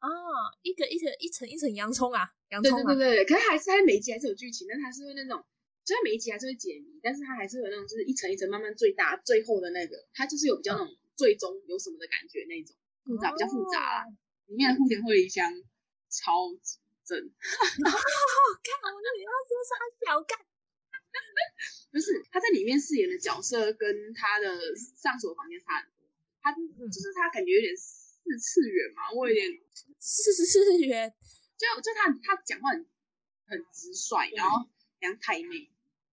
啊、哦，一個一個一層一層洋蔥啊，洋蔥、啊、對，對對對，可是還是他每集還是有劇情，但他是，是會那種。所以每一集還是會解謎，但是他還是有那種就是一層一層慢慢最大最後的那個，他就是有比較那種最終有什麼的感覺那種複雜、哦，比較複雜。裡面的戶田惠梨香超級正，好好看，我裡，要說啥小看。不是他在裡面飾演的角色跟他的上手的房間差很多，他就是他感覺有點四次元嘛，我有點四次元，就就他他講話很很直率，然後像台妹。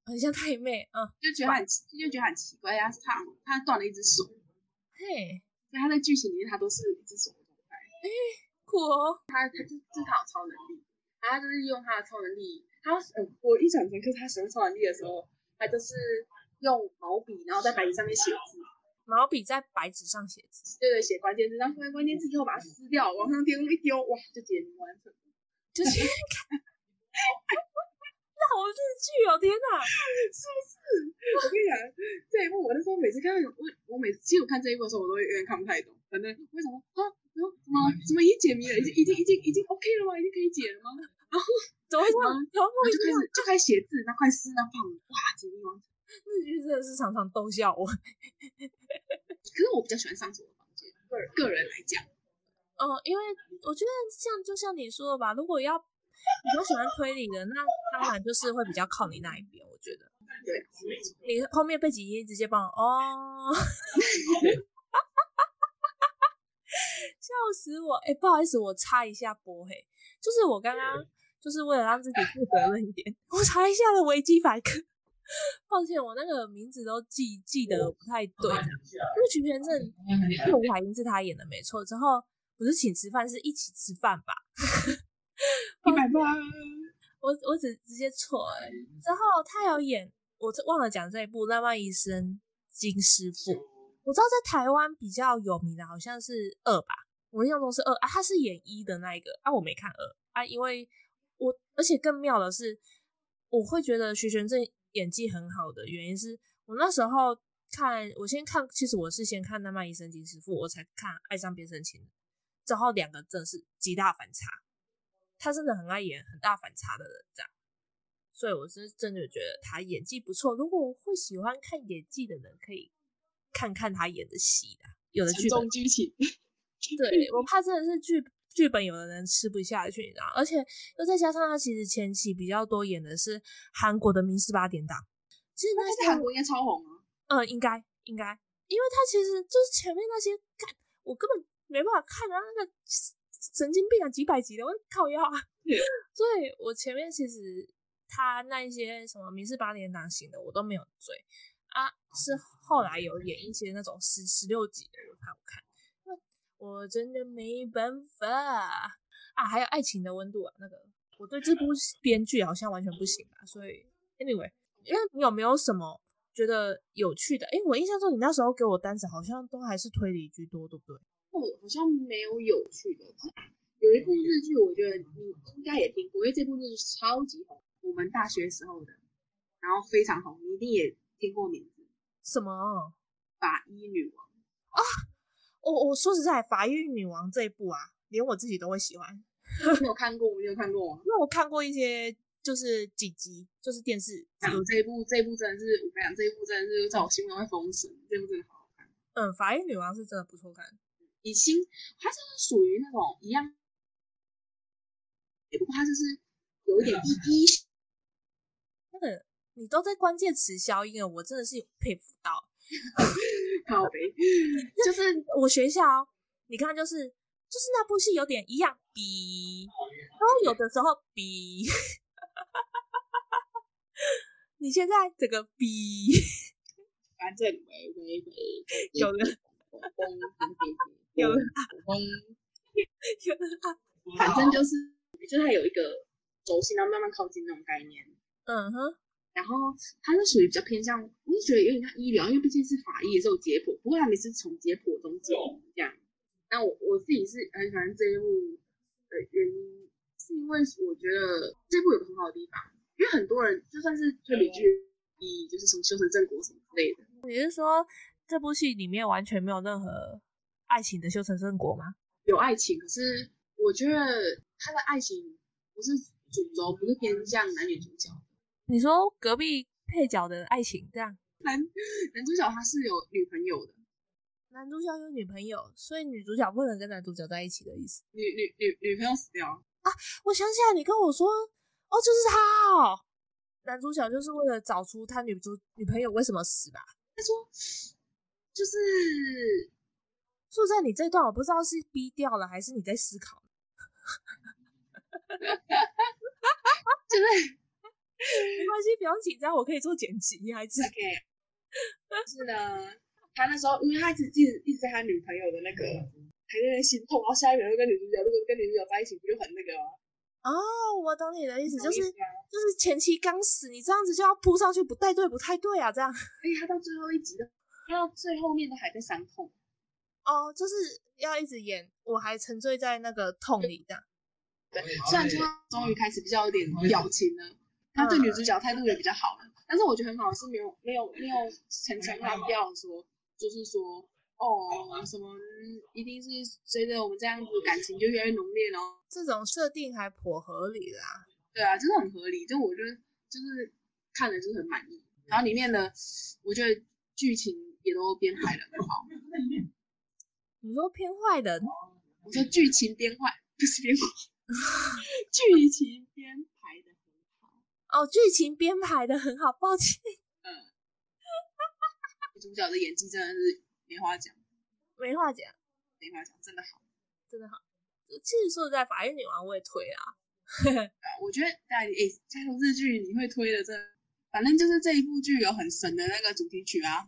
很像太妹啊，嗯、就覺得很板就覺得很奇怪。他是他他斷了一隻手，嘿，所以他在劇情裡面他都是一隻手的狀態。哎、欸，酷哦！他他就就是他有超能力，然後就是用他的超能力。他嗯、呃，我印象深是他使用超能力的時候，他就是用毛筆，然後在白紙上面寫字、啊。毛筆在白紙上寫字，對對，寫關鍵字，然後寫關鍵字之後把它撕掉，往上丟一丟，哇，就解決完成了。就是。 好日劇哦！天哪， 是不是？我跟你講，這一幕我那時候每次看到我，我每次其實我看這一幕的時候，我都有點看不太懂。反正為什麼啊？怎麼怎麼已經解謎了，已經已經已經已經 OK 了嗎？已經可以解了嗎？然後怎麼會怎麼我就開始就開始寫字，那塊濕那放，哇！真的嗎？日劇真的是常常逗笑我。 可是我比較喜歡上鎖的房間，個人個人來講，嗯、呃，因為我覺得像就像你說的吧，如果要。你喜歡推理的，那當然就是會比較靠你那一邊，我覺得。對。你後面背景音直接幫我哦,。 笑死我！哎、欸，不好意思，我插一下播，嘿、欸，就是我剛剛對就是為了讓自己負責任一點，我查一下的維基百科。抱歉，我那個名字都記記得不太對。那群憑證，我懷疑是他演的沒錯。之後不是請吃飯，是一起吃飯吧。 我我只，我只直接錯、欸、之、嗯、後他要演，我忘了講這一部《浪漫醫生金師傅》是。我知道在台灣比較有名的，好像是二吧，我印象中是二啊，他是演一的那一個啊，我沒看二啊，因為我而且更妙的是，我會覺得徐玄振演技很好的原因是我那時候看，我先看，其實我是先看《浪漫醫生金師傅》，我才看《愛上變身情人》，之後兩個真是極大反差。他真的很愛演很大反差的人這樣，所以我是真的覺得他演技不錯。如果會喜歡看演技的人，可以看看他演的戲的，有的劇本劇情對，對我怕真的是劇劇本，有的人吃不下去，你知道，然後而且又再加上他其實前期比較多演的是韓國的民事八點檔，其實那是韓國應該超紅啊。嗯、呃，應該應該，因為他其實就是前面那些幹，我根本沒辦法看完、啊、那個。神經病啊，幾百集的我靠腰啊！ 所以我前面其實他那一些什麼《民視八點檔》型的我都沒有追啊，是後來有演一些那種十十六集的我才好看。我真的沒辦法啊！啊還有《愛情的溫度》啊，那個我對這部編劇好像完全不行啊。所以 anyway，因為你有沒有什麼覺得有趣的？哎、欸，我印象中你那時候給我單子好像都還是推理居多，對不對？好像沒有有趣的，有一部日劇，我覺得你應該也聽過，因為這部日劇超級紅，我們大學時候的，然後非常紅，你一定也聽過名字。什麼？法醫女王啊！我我說實在，法醫女王這一部啊，連我自己都會喜歡。沒有看過，沒有看過。那 我看過一些，就是幾集，就是電視。這一部，這一部真的是，我跟你講，這一部真的是在我心目中會封神，這部真的好好看。嗯，法醫女王是真的不錯看。已經，他就是屬於那種一樣，也不過他就是有一點逼。真的、嗯，你都在關鍵詞消音了，我真的是有佩服到。好 北，這就是我學校、哦，你看，就是就是那部戲有點一樣逼，然後有的時候逼。比 你現在這個逼，反正喂喂喂有了。拱拱 了、啊、 反正就是，就是它有一個軸心，要慢慢靠近那種概念，嗯哼。然後它是屬於比較偏向，我是覺得有點像醫療，因為畢竟是法醫，也是有解剖，不過它每次從解剖中解，這樣。但我我自己是很喜歡這一部的原因，是因為我覺得這部有個很好的地方，因為很多人就算是推理劇，以就是什麼修成正果什麼之類的，也就是說。這部戲裡面完全沒有任何愛情的修成正果嗎？有愛情，可是我覺得他的愛情不是主軸，不是偏向男女主角。你說隔壁配角的愛情這樣？男男主角他是有女朋友的，男主角有女朋友，所以女主角不能跟男主角在一起的意思。女女女女朋友死掉啊！我想起來，你跟我說哦，就是他哦，男主角就是為了找出他女主女朋友為什麼死吧？他說。就是坐在你這段，我不知道是逼掉了還是你在思考，就是沒關係，不用緊張，我可以做剪輯。女孩子 OK 是的，他那時候女孩子一直一直在他女朋友的那個，還在那心痛。然後下一秒又跟女主角，如果跟女主角在一起，不就很那個嗎？哦，我懂你的意思，就是就是前期剛死，你這樣子就要撲上去，不太對，不太對不太對啊，這樣。所以他到最後一集。到最後面都還在傷痛，哦，oh, 就是要一直演，我還沉醉在那個痛裡，的對，雖然他終於開始比較有點表情了，他、uh, 對女主角態度也比較好了，uh, 但是我覺得很好，是沒有沒有沒有層層強調說，嗯、就是說哦，什麼一定是隨着我們這樣子感情就越來越濃烈哦，這種設定還頗合理的、啊，對啊，就是很合理，就我覺得就是看了就是很滿意，嗯、然後裡面的我覺得劇情。也都編排的很好。你說編壞的，我說劇情編壞，不是編壞，劇 情編排的很好。哦，劇情編排的很好，抱歉。嗯，我主角的演技真的是沒話講，沒話講，沒話講，真的好，真的好。其實說在《法醫女王》我也推啊。 嗯、我覺得在誒、欸、加上日劇你會推的這，反正就是這一部劇有很神的那個主題曲啊。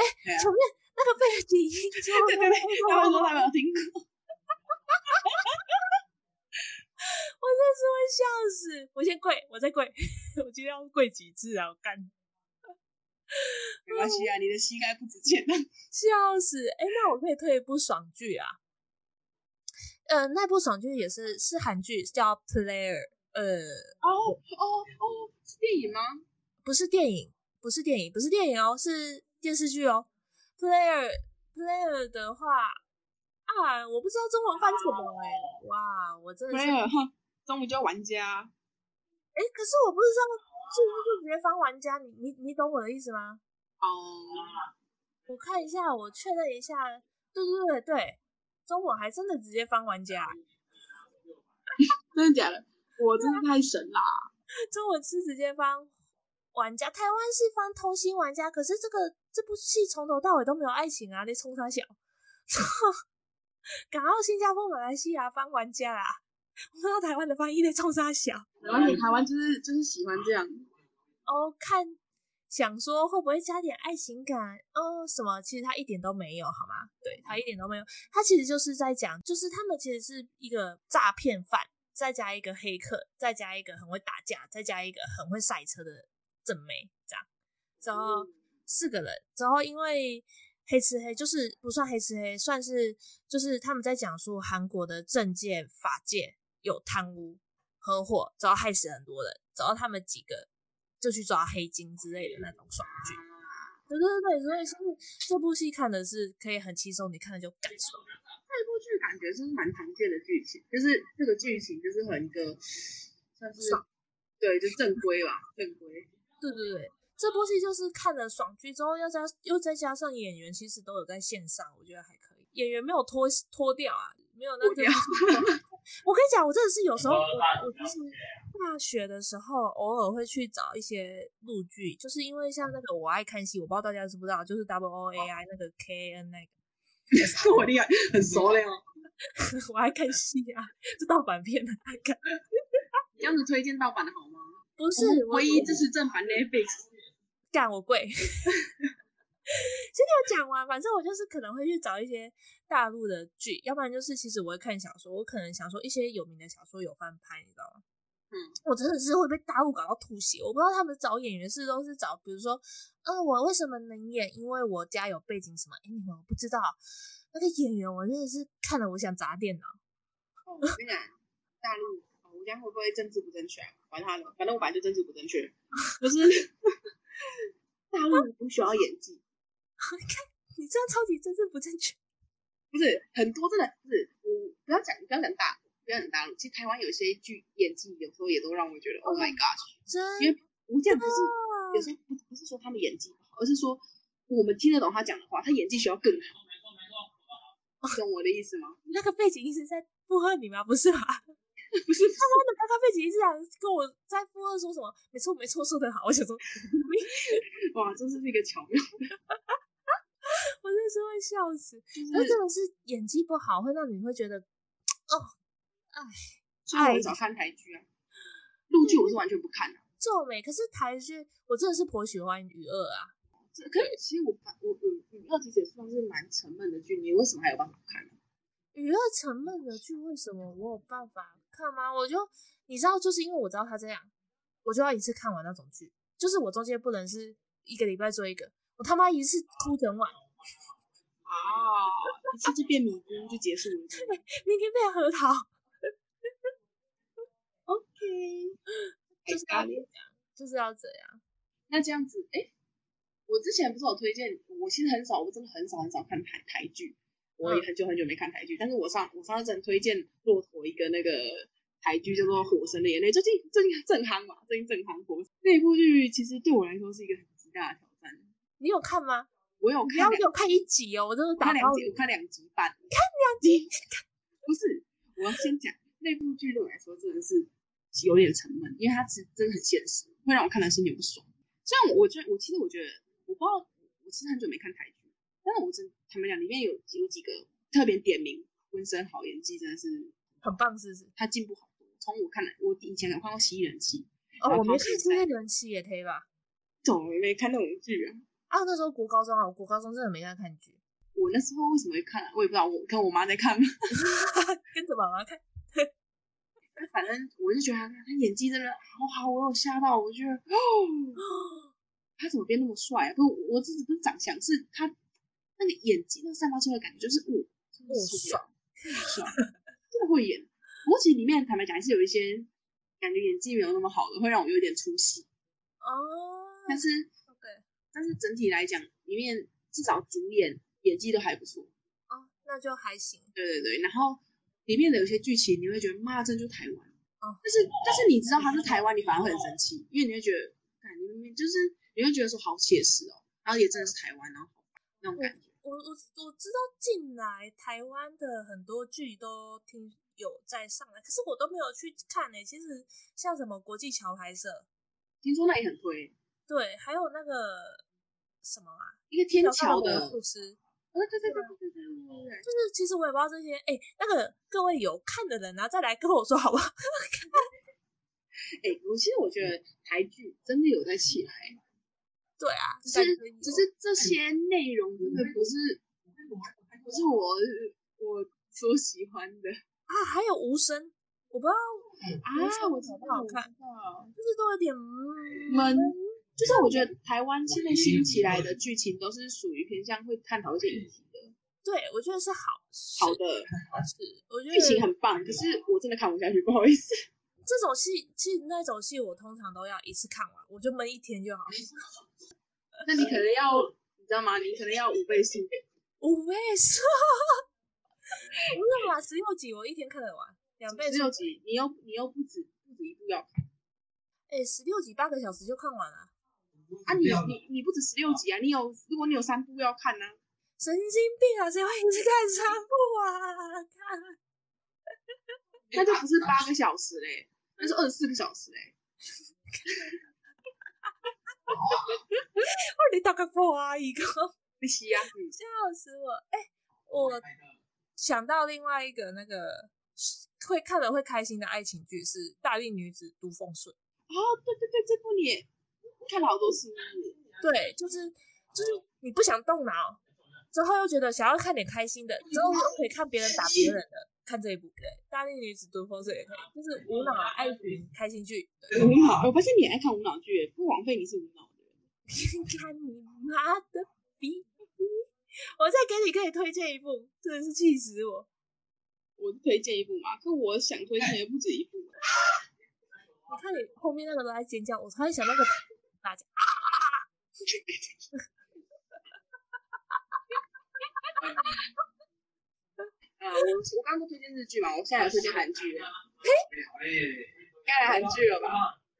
哎，前面、欸啊、那，那個背景音，對對對，他們說還沒有聽過， 我真是會笑死！我先跪，我再跪， 我今天要跪幾次啊？我幹，沒關係啊，哦、你的膝蓋不值錢，笑死！哎、欸，那我可以推一部爽劇啊，嗯、呃，那部爽劇也是是韓劇，叫《Player》。呃，哦對哦哦，是電影嗎？不是電影，不是電影，不是電影哦，是。電視劇哦，player player 的話啊，我不知道中文翻什麼哎，啊、哇，我真的是哼中文叫玩家。哎，可是我不是這樣，就是直接翻玩家，你你你懂我的意思嗎？哦、啊，我看一下，我確認一下，對對對對，對中文還真的直接翻玩家， 真的假的？我真的太神啦，啊，中文是直接翻。玩家台灣是翻偷心玩家，可是這個這部戲從頭到尾都沒有愛情啊！你衝他小， 港澳新加坡馬來西亞翻玩家啦，說 到台灣的翻譯，得衝他小。然後台灣就是就是喜歡這樣、嗯、哦，看想說會不會加點愛情感？哦什麼？其實他一點都沒有，好嗎？對他一點都沒有，嗯、他其實就是在講，就是他們其實是一個詐騙犯，再加一個黑客，再加一個很會打架，再加一個很會賽車的。正美這樣，然後四個人，然後因為黑吃黑，就是不算黑吃黑，算是就是他們在講述韓國的政界、法界有貪污合夥，然後害死很多人，然後他們幾個就去抓黑金之類的那種爽劇。嗯、對對對，所以是這部戲看的是可以很輕鬆，你看的就更爽。這部劇感覺是蠻常見的劇情，就是這個劇情就是很一個算是爽對，就正規吧， 正規。對對對，這部戲就是看了爽劇之後，要加又再加上演員，其實都有在線上，我覺得還可以。演員沒有脫脫掉啊，沒有那個。我跟你講，我真的是有時候，我就是大學的時候偶爾會去找一些錄劇，就是因為像那個我愛看戲，我不知道大家知不知道，就是 W O A I 那個 K N 那個。也是我厲害，很熟練哦。我愛看戲啊，這盜版片的愛看。這樣子推薦盜版的好嗎？不是，唯一就是正版 Netflix。幹我貴，先給我講完。反正我就是可能會去找一些大陸的劇，要不然就是其實我會看小說。我可能想說一些有名的小說有翻拍，你知道嗎？嗯，我真的是會被大陸搞到吐血。我不知道他們找演員是，是都是找，比如說，嗯、呃，我為什麼能演？因為我家有背景什麼？哎、欸，你們我不知道那個演員，我真的是看了我想砸電腦。大陸，我家會不會政治不正確、啊？管他呢，反正我本來就政治不正確，可 是。大陸不需要演技，你看，okay，你這樣超級政治不正確，不是很多真的是，我不要講，不要講大，不要講大陸，其實台灣有些劇演技有時候也都讓我覺得，Oh my God，< 真 S 2> 因為吳健不是有時候不不是說他們演技，而是說我們聽得懂他講的話，他演技需要更好。懂我的意思嗎？ 那個背景一直在附和你嗎？不是吧。不是， 他媽的，咖啡姐姐竟然跟我在附和說什麼？沒錯，沒錯，說得好。我想說， 哇，真是一個巧妙的， 我真是會笑死。那這種是演技不好，會讓你會覺得，哦，哎。所以我很少看台劇啊。陸劇、嗯、我是完全不看的、啊，做美可是台劇，我真的是頗喜歡與惡啊。這對，可是其實我，我，與惡其實算是蠻沉悶的劇，你為什麼還有辦法看呢？娛樂沉悶的劇，為什麼我有辦法看嗎？我就你知道，就是因為我知道他這樣，我就要一次看完那種劇，就是我中間不能是一個禮拜做一個，我他媽一次哭整晚，啊，一次就變米姑就結束了，明天變核桃，OK，就是要這樣，就是要這樣，那這樣子，哎、欸，我之前不是有推薦，我其實很少，我真的很少很少看台台劇。我也很久很久沒看台劇，嗯、但是我上我上次正推薦駱駝一個那個台劇叫做《火神的眼淚》，最近最近正夯嘛，最近正夯火神。那部劇其實對我來說是一個很極大的挑戰。你有看嗎？我有看，我要要看一集哦，我都是打兩集，我看兩集半。看兩集？你 不是，我要先講那部劇對我來說真的是有點沉悶，因為它其實真的很現實，會讓我看的心裡不爽。雖然我這，我其實我覺得，我不知道，我，我其實很久沒看台劇。但是，我真他們講，裡面有有幾個特別點名，溫昇豪演技真的是很棒，是不是？他進步好多，從我看來，我以前有看過《犀利人妻，哦，我沒看《犀利人妻，也可以吧？怎麼沒看那種劇啊？啊，那時候國高中啊，我國高中真的沒在看劇。我那時候為什麼會看、啊？我也不知道我，我跟我媽在看嗎？ 跟着媽媽看。 反正我就覺得他演技真的好好，我有嚇到，我覺得哦，他怎麼變那麼帥啊？不過，我，我自己不是長相，是他。那個演技都散發出來的感覺就是，哇、嗯，真爽，特爽，爽 真的會演。不過其實裡面坦白講還是有一些感覺演技沒有那麼好的，會讓我有一點出戲。哦，但是，Okay. 但是整體來講，裡面至少主演演技都還不錯。哦，那就還行。對對對，然後裡面的有些劇情你會覺得真，媽、哦，這就台灣。但是、哦、但是你知道他是台灣，你反而會很神奇，哦、因為你會覺得，感、哎、覺就是你會覺得說好寫實哦，然後也真的是台灣，嗯、然後那種感覺。嗯我我我知道，近來台灣的很多劇都聽有在上來，來可是我都沒有去看呢、欸。其實像什麼《國際橋牌社》，聽說那也很推。對，還有那個什麼啊，一個天橋的構思。對對對對對對。就是其實我也不知道這些，哎、欸，那個各位有看的人、啊，然後再來跟我說，好不好？哎、 欸，我其實我覺得台劇真的有在起來。對啊，只是只是這些內容真的不是不是我我所喜歡的啊。還有無聲，我不知道啊，我真的好看，就是都有點悶。就是我覺得台灣現在興起來的劇情都是屬於偏向會探討一些議題的。對，我覺得是好事，好的，好事，我覺得劇情很棒。可是我真的看不下去，不好意思。這種戲，其實那種戲，我通常都要一次看完，我就悶一天就好。那你可能要，呃、你知道嗎？你可能要五倍速。五倍速？不怎麼十六集我一天看得完？兩倍速。十六集，你又你又不止不止一部要看？哎、欸，十六集八個小時就看完了。啊，你有你你不止十六集啊？好你有如果你有三部要看呢、啊？神經病啊！誰會一直看三部啊？看，那就不是八個小時嘞、欸。那是二十四個小時哎、欸，我哈哈哈哈！二一個，笑死我！哎、欸，oh, 我想到另外一個那個會看了會開心的愛情劇是《大力女子都奉順》哦，oh, 對對對，這部你，你看了好多次。啊、對，就是就是你不想動腦，之、oh, 後又覺得想要看點開心的，之、oh, 後又可以看別人打別人的。看這一部對，《大力女子都奉順》或者就是無腦愛情開心劇，很好。我發現你愛看無腦劇，不枉費你是無腦 的。看你媽的逼！我再給你可以推薦一部，真的是氣死我！我推薦一部嘛？可是我想推薦也不止一部，這一部。 你看你後面那個都在尖叫，我還在想那個大家啊！ 啊，我我剛剛推薦日劇嘛，我現在有推薦韓劇。嘿、欸，該來韓劇了吧？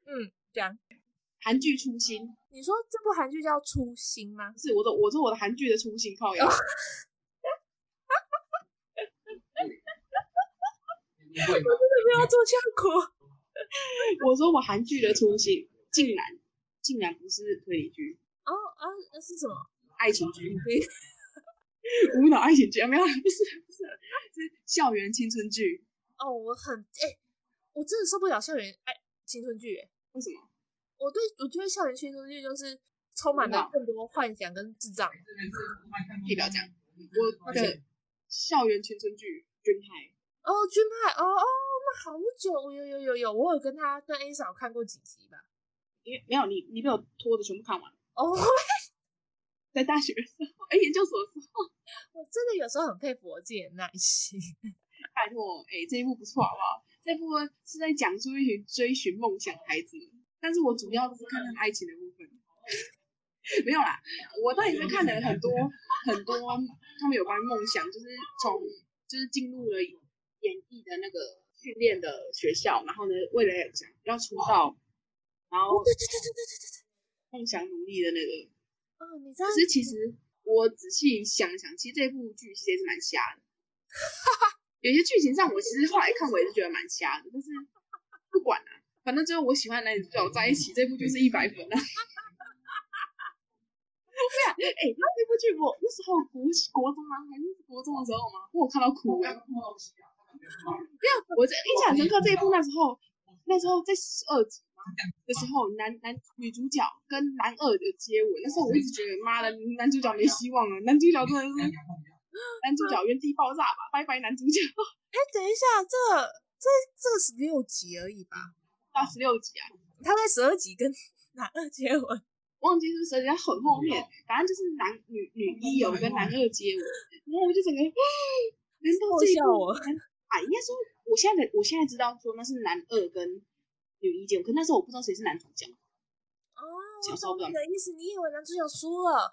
嗯，這樣。韓劇初心，你說這部韓劇叫《初心》嗎？是我，我說我說我的韓劇的初心靠腰。我真的不要做下苦。 我說我韓劇的初心，竟然竟然不是推理劇。哦啊，那是什麼？愛情劇。對 無腦愛情劇沒有，不是不是，是校園青春劇。哦，我很哎、欸，我真的受不了校園、欸、青春劇、欸。為什麼？我對我覺得校園青春劇就是充滿了更多幻想跟智障。你腦、嗯、不要講，嗯、我對校園青春劇 Dream High。Oh, Dream High, 哦，Dream High。哦哦，那好久，有有有有，我有跟他跟 A 嫂看過幾集吧。因為沒有你，你沒有拖着全部看完哦。 在大學的時候，哎、欸，研究所的時候，我真的有時候很佩服我自己的耐心。拜託，哎、欸，這一部不錯好不好？嗯、這一部是在講述一群追尋夢想的孩子，但是我主要是看他愛情的部分。嗯、 沒有啦，我到底在裡是看了很多、嗯、很多，他們有關夢想、嗯就，就是從就是進入了演藝的那個訓練的學校，然後呢，為了要出道，哦、對對對對對對、然後夢想努力的那個。可、哦、是其實我仔細想想，其實這部劇其實是蠻瞎的， 有些劇情上我其實後來看我也是覺得蠻瞎的，但是不管了、啊，反正最後我喜歡的男女主角在一起，對這部就是一百分了。不要，哎、 欸，那這部劇我那時候國國中啊，還是國中的時候嘛，我看到哭。不我這印象深刻這一部那時候。那時候在十二集的時候男，男男女主角跟男二的接吻。那時候我一直覺得，媽的，男主角沒希望了。男主角真的是，男，男主角原地爆炸吧，拜拜男主角。哎，等一下，這這這個十六集而已吧？到十六集，啊，集啊？他在十二集跟男二接吻，有忘記是十二集還是後面。反正就是男女女一有跟男二接吻，有然後我就整個，哎、難道這我，我……哎，應該說。我現在我現在知道說那是男二跟女一見，可那時候我不知道誰是男主角。哦，我懂你的意思，你以為男主角輸了，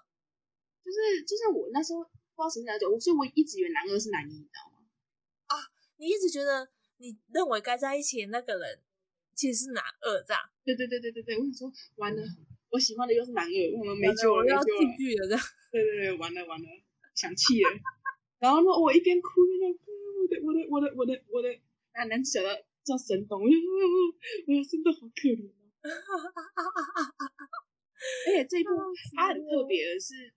就是就是我那時候不知道誰是男主角，所以我一直以為男二是男一，你知道嗎？啊，你一直覺得你認為該在一起的那個人其實是男二，這樣、啊？對對對對對對，我想說完了，嗯、我喜歡的又是男二，我們沒救了，我要棄劇了，了這樣？對對對，完了完了，想氣了， 然後呢，我一邊哭，一邊哭，我的我的我的我的我的。我的我的我的男主角叫生動，真、啊、的好可憐！而且、 欸、這一部、 嗯、它很特別的是，是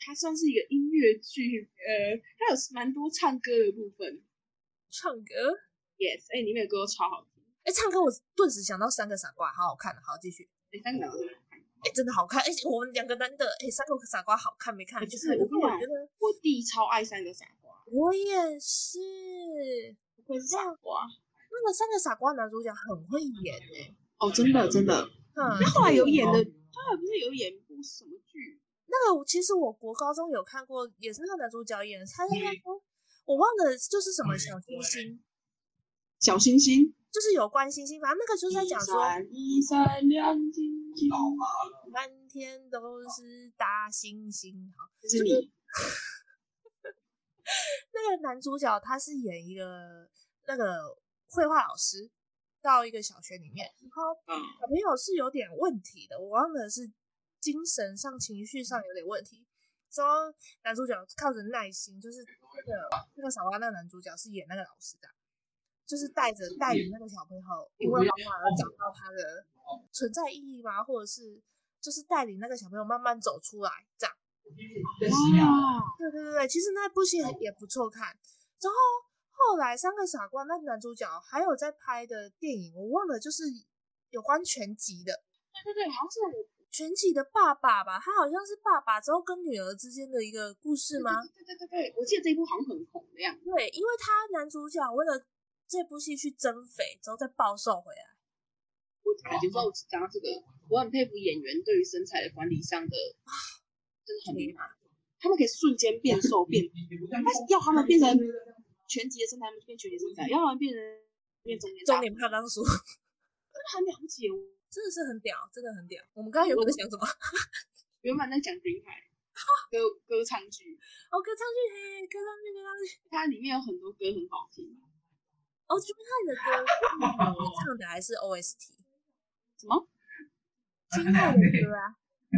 它算是一個音樂劇，呃，它有蠻多唱歌的部分。唱歌？Yes，哎、欸，裡面有歌超好聽、欸。唱歌我頓時想到三好好、欸《三個傻瓜》，好好看好，好繼續。三個傻瓜，真的好看。欸、我們兩個男的、欸，《三個傻瓜》好看沒看？就、欸、是我，跟我，我覺得我弟超愛《三個傻瓜》，我也是。傻那,那個三個傻瓜男主角很會演呢、欸。哦，真的，真的。嗯，後來有演的，嗯、他還不是有演部什麼劇？那個其實我國高中有看過，也是那個男主角演，他應該、那個嗯、我忘了就是什麼小星星、嗯。小星星就是有關星星，反正那個就是在講說，一閃一閃亮晶晶，滿天都是大星星。就是你。 那個男主角他是演一個那個繪畫老師，到一個小學裡面，然後小朋友是有點問題的，我忘了是精神上、情緒上有點問題，所以男主角靠着耐心，就是那個那個啥吧，那個男主角是演那個老師的，就是帶着帶領那個小朋友，因為慢慢找到他的存在意義嗎？或者是就是帶領那個小朋友慢慢走出來，這樣。嗯、對對對，其實那部戲也不錯看。然後後來三個傻瓜，那個男主角還有在拍的電影，我忘了，就是有關全集的。對對對，好像是我全集的爸爸吧？他好像是爸爸之後跟女兒之間的一個故事嗎？對，對對對對，我記得這一部好像很紅的樣子。對，因為他男主角為了這部戲去增肥，之後再暴瘦回來。我有時候我講到這個，我很佩服演員對於身材的管理上的。啊他們可以瞬間變瘦變皮，要他們變成全集的身材，變全集身材；要他們變成變中年，中年當靠真的很了不起，真的是很屌，真的很屌。我們剛剛原本在想什麼？原本在講金泰歌歌唱劇，哦，歌唱劇嘿，歌唱劇，歌唱劇，它裡面有很多歌很好聽。哦，金泰的歌，唱的還是 OST。什麼？金泰的歌啊？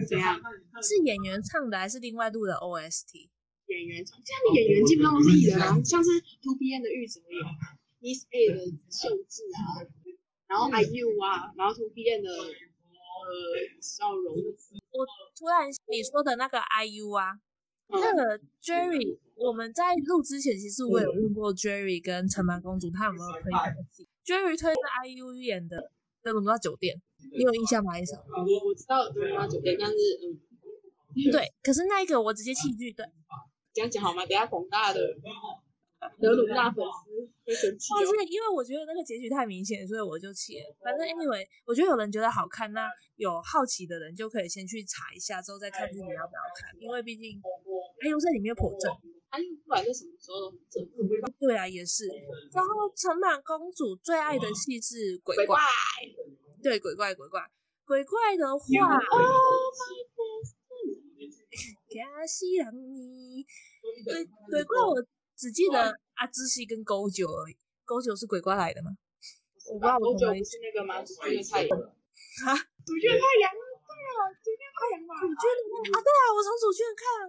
怎樣？是演員唱的還是另外錄的 OST？演員唱，現在演員基本上都是藝人，像是 2PM 的玉澤演，Miss A 的秀智啊，然後 IU 啊，然後 2PM 的呃趙容。我突然想你說的那個 IU 啊，那個 Jerry，我們在錄之前其實我有問過 Jerry 跟陳滿公主，他有沒有推薦？Jerry 推薦 IU 演的《德魯納酒店》。你有印象嗎？一首？我我知道《德魯納酒店但是,、啊、但是嗯，對，可是那一個我直接棄劇，對，講講好嗎？等下廣大的德魯納粉絲會生氣。因為我覺得那個結局太明顯，所以我就棄了。啊、反正 anyway，我覺得有人覺得好看、啊，那有好奇的人就可以先去查一下，之後再看自己要不要看。因為畢竟他又在裡面破陣，還有、啊、不管在什麼時候都破陣。對啊，也是。然後，城滿公主最愛的戲是鬼怪。對鬼怪，鬼怪，鬼怪的話。對鬼怪，我只記得阿芝西跟高九而已。高九是鬼怪來的嗎？我不知道。高九是那個嗎？主角的太陽，對啊，主角的太陽嘛。主角的太陽。啊，對啊，我從主角看啊。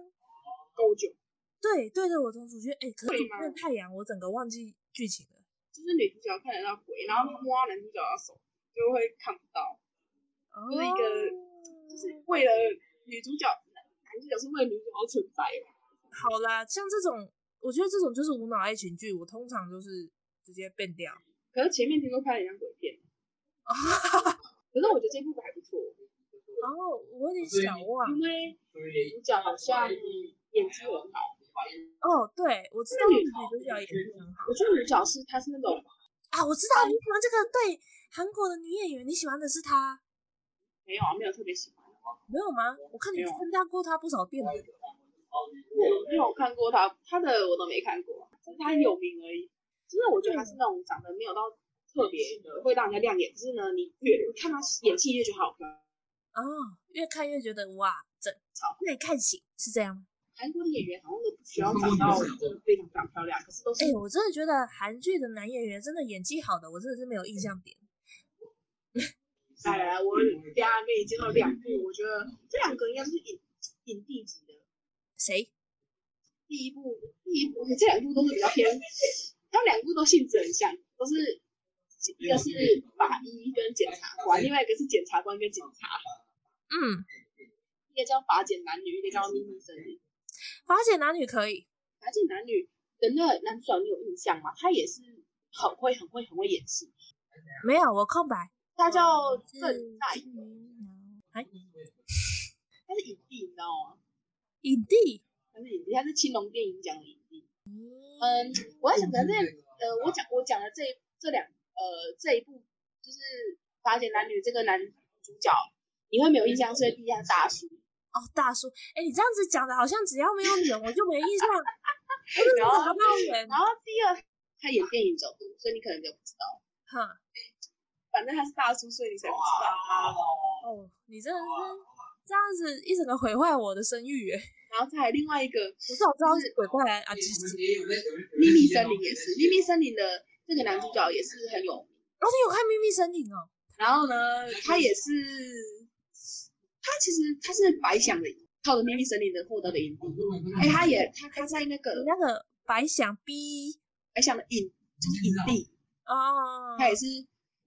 高九。對對對，我從主角哎，可以嗎？那太陽，我整個忘記劇情了。就是女主角看得到鬼，然後他摸男主角的手。就會看不到，那、哦、個，就是為了女主角，男主角是為了女主角存在。好啦，像這種，我覺得這種就是無腦愛情劇，我通常就是直接變掉。可是前面聽說拍了一張鬼片、哦嗯，可是我覺得這部還不錯。然後、哦、我有點想哇。因為女主角好像演技很好。哦，對，我知道女女主角演技很好。女很好我覺得，我覺得女主角是他是那種。啊，我知道你喜歡這個、啊、對韓國的女演員，你喜歡的是她？沒有啊，沒有特別喜歡的。沒有嗎？我沒有，我看你參加過她不少遍了。哦，我沒有看過她，她的我都沒看過，就是她有名而已。對真的，我覺得她是那種長得沒有到特別的，會讓人家亮眼。只是呢，你越你看她演戲越覺得好看。哦，越看越覺得哇，正好那你看型，是這樣嗎？韓國的演員好像都不需要長到真的非常漂亮，可是都是哎、欸，我真的覺得韓劇的男演員真的演技好的，我真的是沒有印象點。 來，來來，我等下也介紹兩部，我覺得這兩個應該是影影帝級的。誰誰？第一部，第一部，這兩部都是比較偏，他兩 部都性質很像，都是一個是法醫跟檢察官， 另外一個是檢察官跟警察。 嗯，一個叫法檢男女，一個叫秘密森林。法界男女可以，法界男女，等的男主角你有印象嗎？他也是很會、很會、很會演戲。沒有，我空白。他叫鄭在詠，哎，他是影帝，你知道嗎？影帝，他是影帝，他是青龍電影獎的影帝。嗯，喔、定我在想、這個，可能這呃，我講我講了這這兩呃這一部，就是法界男女這個男主角，你會沒有印象是地下？是因為他大叔。哦，大叔，哎，你這樣子講的，好像只要沒有人，我就沒印象。我是怎麼沒演？然後第二，他演電影走路，所以你可能就不知道。哈，反正他是大叔，所以你才不知道。哦，你真的是這樣子，一整個毀壞我的聲譽。然後他還另外一個，不是我知道，鬼怪啊，其實，《秘密森林》也是，《秘密森林》的這個男主角也是很有名。然後他有看《秘密森林》哦？然後呢，他也是。他其實他是百想的，靠着秘密森林能獲得的影帝哎、嗯嗯嗯欸，他也他他在那個那個百想 B 百想的影、嗯、就是影帝啊，他、嗯嗯嗯、也是。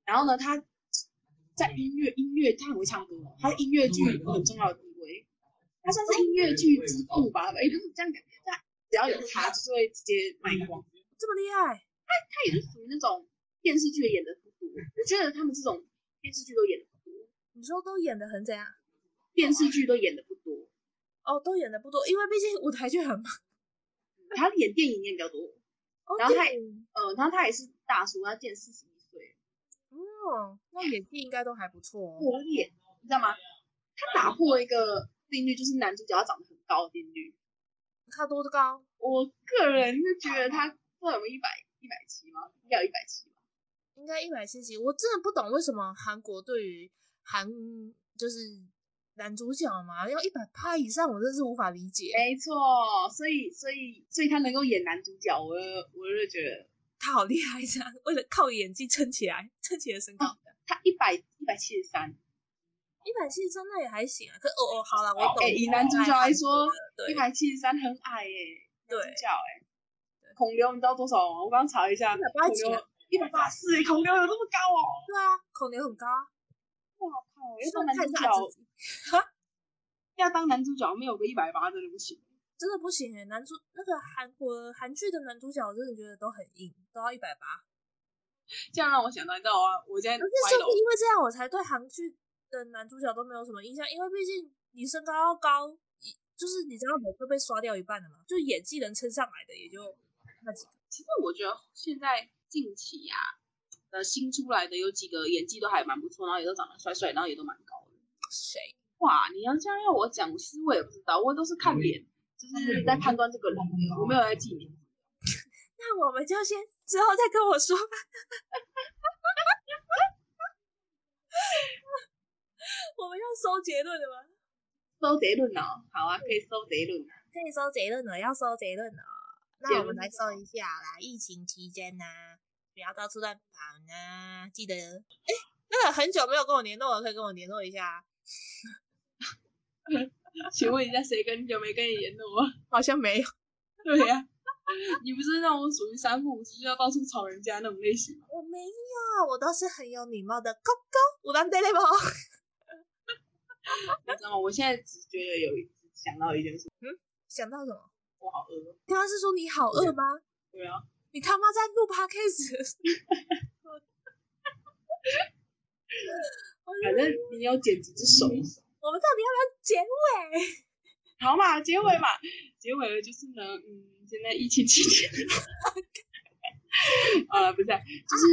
然後呢，他在音樂音樂，他很會唱歌，嗯、他的音樂劇有很重要的地位，嗯、他算是音樂劇之父吧？哎，就、欸、是這樣感覺，要只要有他，就是會直接賣光，這麼厲害？他他也是屬於那種電視劇演的不多，我覺得他們這種電視劇都演的不多。你說都演的很怎樣？電視劇都演的不多，oh, 哦，都演的不多，因為畢竟舞台劇很棒。他演電影演比較多，哦，然後他也是大叔，他今年四十一歲，哦，那演技，應該都還不錯哦。我演，你知道嗎？啊、他打破了一個定律，就是男主角要長得很高的定律。他多高？我個人是覺得他不有麼一百一百七嗎？應該一百七吧？應該一百七十幾？我真的不懂為什麼韓國對於韓就是。男主角嘛，要一百八以上，我真是無法理解。沒錯，所以所以所以他能夠演男主角，我就我是覺得他好厲害這樣、啊、為了靠演技撐起來，撐起了身高。哦、他一百一百七十三，一百七十三那也還行啊。這哦哦，好了，我懂以、哦 okay, 男主角來說，一百七十三很矮哎。對，欸、男主角哎、欸，孔劉你知道多少嗎？我剛查一下，一百八十四哎，孔劉有這麼高哦、喔？對啊，孔劉很高，哇好有哦。又男主角。哈，蛤要當男主角沒有個一百八真的不行，真的不行哎！男主那個韓國韓劇的男主角，我真的覺得都很硬，都要一百八。這樣讓我想到一個啊，我現在……就是是因為這樣，我才對韓劇的男主角都沒有什麼印象？因為畢竟你身高要高，一就是你知道，每個被刷掉一半的嘛，就演技能撐上來的也就那幾個。其實我覺得現在近期呀，呃，新出來的有幾個演技都還蠻不錯，然後也都長得帥帥，然後也都蠻高的。誰？哇，你要這樣要我講，其實我也不知道，我都是看臉，嗯、就是在判斷這個人，嗯、我沒有在記名字。那我們就先之後再跟我說吧。 我們要收結論了嗎？收結論哦，好啊，可以收結論，可以收結論了、哦，要收結論哦，結論，那我們來說一下啦，疫情期間呢、啊，不要到處亂跑啊記得。哎、欸，那個很久沒有跟我聯絡了，可以跟我聯絡一下。 請問一下誰跟，誰很有沒有跟你聯絡嗎？好像沒有。 對呀、啊，你不是讓我屬於三不五時，就要到處吵人家那種類型嗎？我沒有，我倒是很有禮貌的。Go 我當對了嗎？你知道嗎？我現在只覺得有想到一件事。嗯、想到什麼？我好餓。剛剛是說你好餓嗎對？對啊。你他媽在錄 podcast。反正你要剪輯只手？我不知道你要不要結尾。好嘛，結尾嘛，嗯、結尾就是呢，嗯，現在疫情期間，呃 Okay.，不是，就是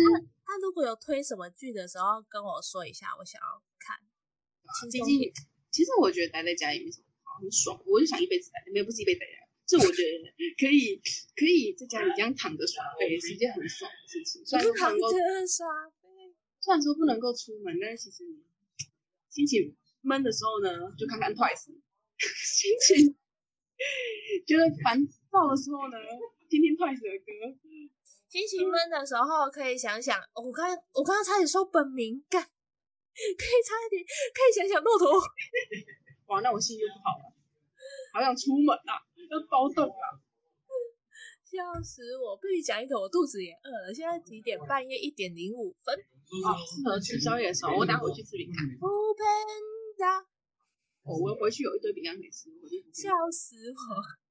他、啊啊、如果有推什麼劇的時候，跟我說一下，我想要看。啊、其實我覺得待在家裡沒什麼不好，很爽。我就想一輩子待，沒有不是一輩子待這 我覺得可以，可以在家裡這樣躺着爽，也是一件很爽的事情。嗯、所以就躺着刷雖然說不能夠出門，但是其實你心情悶的時候呢，就看看 Twice；心情覺得煩躁的時候呢，聽聽 Twice 的歌；心情悶的時候可以想想，我看我剛剛差點說本名，幹，可以差一點可以想想駱駝。哇，那我心情就不好了，好想出門啊，要暴動啊！笑死我！被你講一口，我肚子也餓了。現在幾點？半夜一點零五分，oh, 去好適合吃宵夜的時候。我等會去吃餅乾，不、嗯 oh, 我回去有一堆餅乾沒吃。笑死我！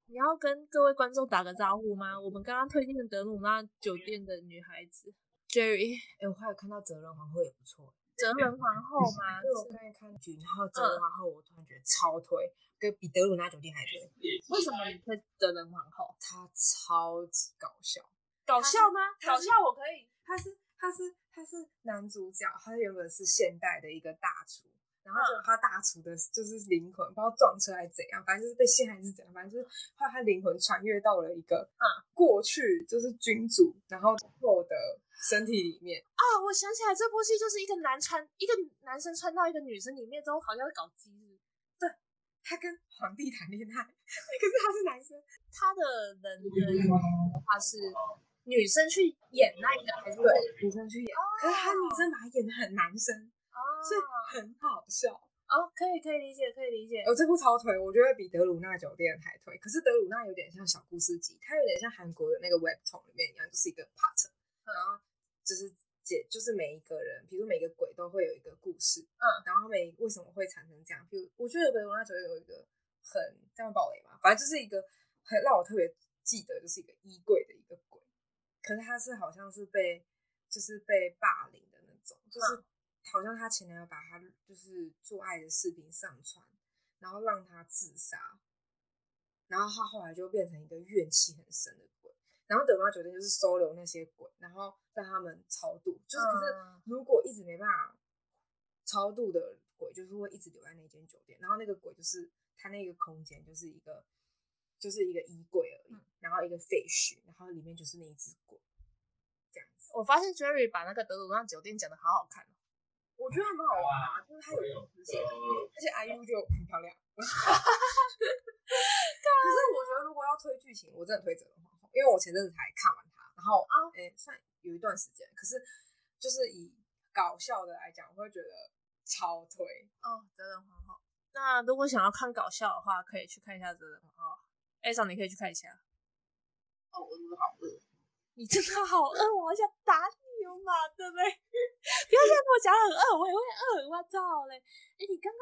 你要跟各位觀眾打個招呼嗎？ 我們剛剛推薦的德魯納酒店的女孩子，Jerry。哎，我還有看到哲仁皇後也不錯。哲仁皇後嗎？嗯、因為我在看劇，然後哲仁皇后我突然覺得超推，嗯、跟比德魯納酒店還推。為什麼你推哲仁皇后？他超級搞笑。搞笑嗎？是搞笑我可以。他是她是，她是，她，是她是男主角，他原本是現代的一個大廚，然後就他大廚的就是靈魂，不知道撞出來怎樣，反正就是被陷害還是怎樣，反正就是後來他靈魂穿越到了一個，啊、嗯，過去就是君主，然後獲得。身體裡面啊、哦！我想起來，這部戲就是一個男穿一個男生穿到一個女生裡面，之後好像會搞基。對，他跟皇帝談戀愛，可是他是男生。他的人的話是女生去演那一個，還是、哦、對女生去演？哦、可是他女生把他演得很男生，哦、所以很好笑哦。可以可以理解可以理解。我這部超推，我覺得比德魯納酒店還推。可是德魯納有點像小故事集，它有點像韓國的那個 webtoon 裡面一樣，就是一個 part。嗯、然後就是解，就是每一個人，比如每個鬼都會有一個故事，嗯，然後每為什麼會產生這樣？比如我覺得有個人他覺得有一個很這樣爆雷嘛，反正就是一個很讓我特別記得，就是一個衣櫃的一個鬼。可是他是好像是被，就是被霸凌的那種，嗯、就是好像他前男友把他就是做愛的視頻上傳，然後讓他自殺，然後他後來就變成一個怨氣很深的鬼。然後德魯納酒店就是收留那些鬼，然後讓他們超度，嗯、就是可是如果一直沒辦法超度的鬼，就是會一直留在那間酒店。然後那個鬼就是他那個空間就是一個就是一個衣櫃而已，嗯、然後一個廢墟，然後裡面就是那一隻鬼這樣子。我發現 Jerry 把那個德魯納酒店講得好好看。哦，我覺得很好玩啊，就是他有知識，而且 IU 就很漂亮。啊、可是我覺得如果要推劇情，我真的推這個。因為我前陣子才看完它，然後啊，哎、欸，算有一段時間。可是，就是以搞笑的來講，我會覺得超推哦，《真人皇後》。那如果想要看搞笑的話，可以去看一下《真人皇後》欸。A 嫂，你可以去看一下。哦，我真的好餓。你真的好餓，我好想打你嘛！對不對， 不要再跟我講很餓，我也會餓。我操嘞、欸！你剛剛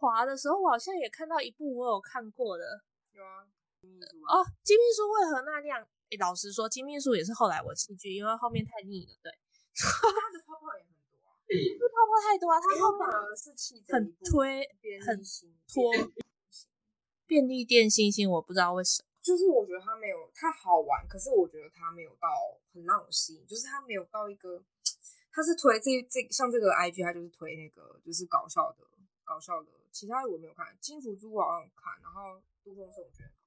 滑的時候，我好像也看到一部我有看過的。有啊。嗯、哦，金秘書為何那樣？哎、欸，老實說，金秘書也是後來我棄劇，因為後面太膩了。對，他的泡泡也很多、啊，他的、嗯、泡泡太多啊，欸、他後泡泡是氣很推很推便利店星星，我不知道為什麼，就是我覺得他沒有太好玩，可是我覺得他沒有到很讓我吸引，就是他沒有到一個，他是推這這像這個 IG，他就是推那個就是搞笑的搞笑的，其他的我沒有看，金福珠我好像看，然後是我覺得。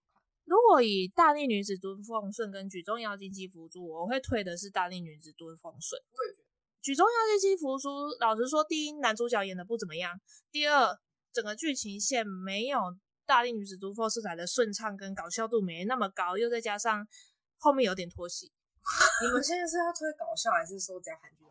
如果以大力女子都奉順跟舉重妖精金福珠，我會推的是大力女子都奉順，對對，舉重妖精金福珠，老實說，第一男主角演的不怎麼樣，第二整個劇情線沒有大力女子都奉順色彩的順暢，跟搞笑度沒那麼高，又再加上後面有點拖戲。 你們現在是要推搞笑還是說講韓劇？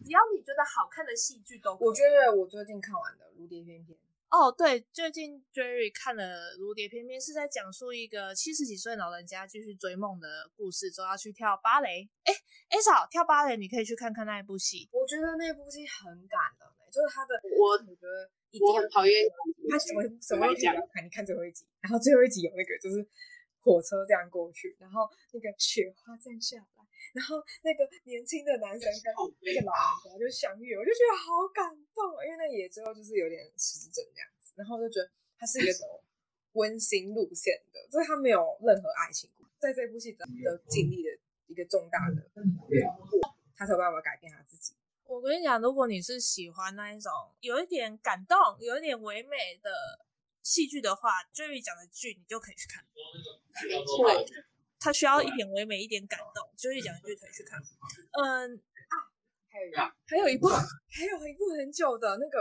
只要你覺得好看的戲劇都可以……我覺得我最近看完的《如蝶翩翩》。哦，對，最近 Jerry 看了《如蝶翩翩》，是在講述一個七十幾歲老人家繼續追夢的故事，說要去跳芭蕾。哎，A 嫂，跳芭蕾你可以去看看那一部戲，我覺得那部戲很感動。就是他的我天我，我我覺得，一定很討厭。他什怎麼怎麼講？你看最後一集，然後最後一集有那個，就是。火車這樣過去，然後那個雪花降下來，然後那個年輕的男生跟那個老人家就相遇，我就覺得好感動。因為那也之後就是有點失真這樣子，然後就覺得他是一個走溫馨路線的， 就是他沒有任何愛情，在這部戲真的經歷了一個重大的 他才有辦法改變他自己。我跟你講，如果你是喜歡那一種有一點感動、有一點唯美的。戲劇的話，最後一講的劇你就可以去看，嗯、對，嗯、他需要一點唯美，嗯、一點感動。周玉講的劇可以去看。嗯，嗯啊，還有，還有一部，啊、還有一部很久的那個，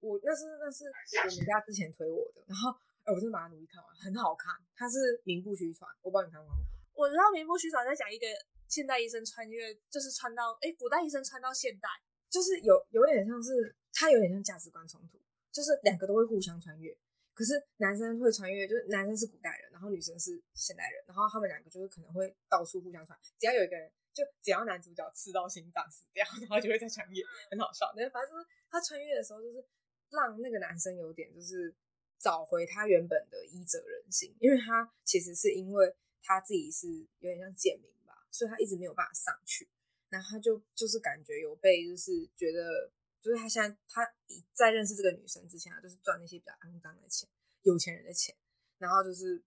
我那是那是我們家之前推我的，然後哎、欸，我真的把它努力看完，很好看，它是名不虛傳。我幫你看完，我知道名不虛傳在講一個現代醫生穿越，就是穿到哎、欸、古代醫生穿到現代，就是有有點像是，它有點像價值觀衝突，就是兩個都會互相穿越。可是男生會穿越，就是男生是古代人，然後女生是現代人，然後他們兩個就是可能會到處互相穿，只要有一個人就只要男主角刺到心臟死掉，然後就會再穿越，嗯、很好笑。那反正他穿越的時候，就是讓那個男生有點就是找回他原本的醫者仁心，因為他其實是因為他自己是有點像賤民吧，所以他一直沒有辦法上去，然後他就就是感覺有被就是覺得。就是他現在，他在認識這個女生之前啊，就是賺那些比較骯髒的錢，有錢人的錢，然後就是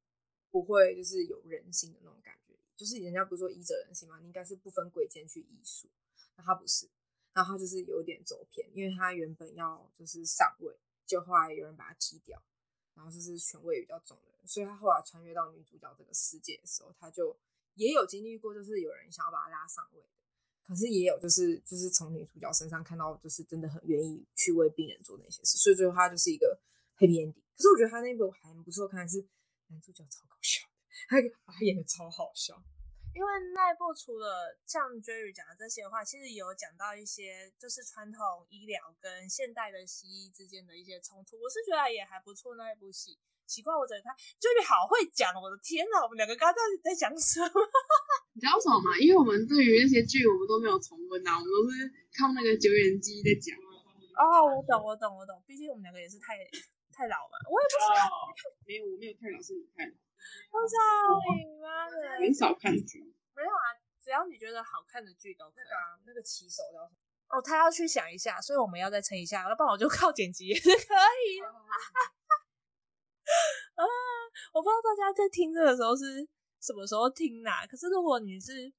不會就是有人性的那種感覺，就是人家不是說醫者仁心嘛，你應該是不分貴賤去醫術，然後他不是，然後就是有點走偏，因為他原本要就是上位，就後來有人把他踢掉，然後就是權位比較重的人，所以他後來穿越到女主角這個世界的時候，他就也有經歷過，就是有人想要把他拉上位的。可是也有、就是，就是就是從女主角身上看到，就是真的很願意去為病人做那些事，所以最後她就是一個 happy ending。可是我覺得他那一部還不錯，看來是男主角超搞笑，他他演得超好笑。因為那一部除了像 Jerry 講的這些話，其實也有講到一些就是傳統醫療跟現代的西醫之間的一些衝突，我是覺得也還不錯那一部戲。奇怪，我覺得他最近好會講，我的天吶！我們兩個剛剛到底在講什麼？ 你知道什麼嗎？因為我們對於那些劇，我們都沒有重溫啊，我們都是靠那個久遠記憶在講。哦、oh，我懂，我懂，我懂。畢竟我們兩個也是太太老了，我也不知道、oh, 沒有，我沒有看老師，是你看。我操你媽的！很少看劇。沒有啊，只要你覺得好看的劇都看、啊。那個騎手要什麼？哦，oh, 他要去想一下，所以我們要再撐一下。那不然我就靠剪輯也是可以。Oh. 啊，我不知道大家在聽這個時候是什麼時候聽吶、啊。可是如果你是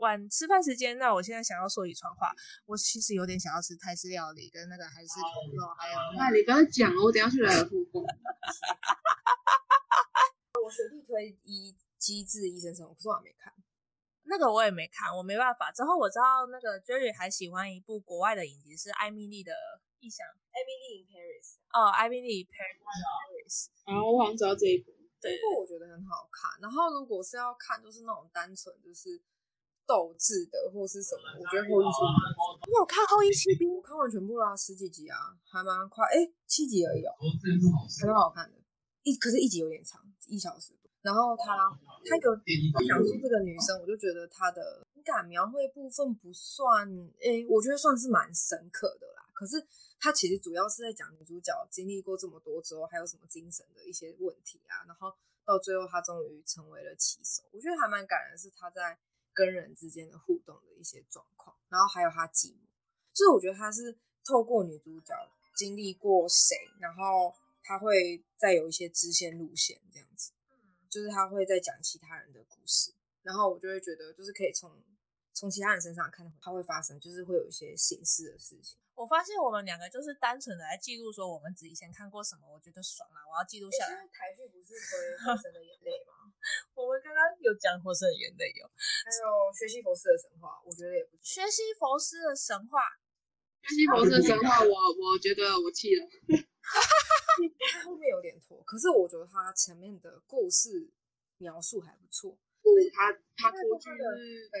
晚吃飯時間，那我現在想要說一串話，我其實有點想要吃泰式料理跟那個還是牛肉。Oh, 還有那，那你剛要講了，我等下去買 我學弟推一機智醫生的時候，我還沒看。那個我也沒看，我沒辦法。之後我知道那個 Jerry 還喜歡一部國外的影集，是《艾蜜莉的》。異想，Emily in Paris。哦，Emily in Paris。啊，我好像知道這一部。這部我覺得很好看。然後如果是要看，就是那種單純就是鬥志的，或是什麼，我覺得後翼棄兵，沒有看後翼棄兵嗎？我看完全部啦，十幾集啊，還蠻快。哎，七集而已哦，很好看的。一可是，一集有點長，一小時。然後他他有講說這個女生，我就覺得她的情感描繪部分不算，哎，我覺得算是蠻深刻的啦。可是他其實主要是在講女主角經歷過這麼多之後，還有什麼精神的一些問題啊，然後到最後她終於成為了棋手。我覺得還蠻感人是她在跟人之間的互動的一些狀況，然後還有她寂寞。就是我覺得他是透過女主角經歷過誰，然後他會再有一些支線路線這樣子，就是他會在講其他人的故事，然後我就會覺得就是可以從。從其他人身上看，它會發生，就是會有一些形式的事情。我發現我們兩個就是單純的來記錄，說我們只以前看過什麼，我覺得爽了，啊，我要記錄下來。欸、台劇不是《火神的眼淚》嗎？ 我們剛剛有講《火神的眼淚》有，還有《薛西佛斯的神話》，我覺得也不錯。《薛西佛斯的神話》啊，《薛西佛斯的神話》啊，我我覺得我棄了， 他後面有點拖，可是我覺得他前面的故事描述還不錯。他他我覺得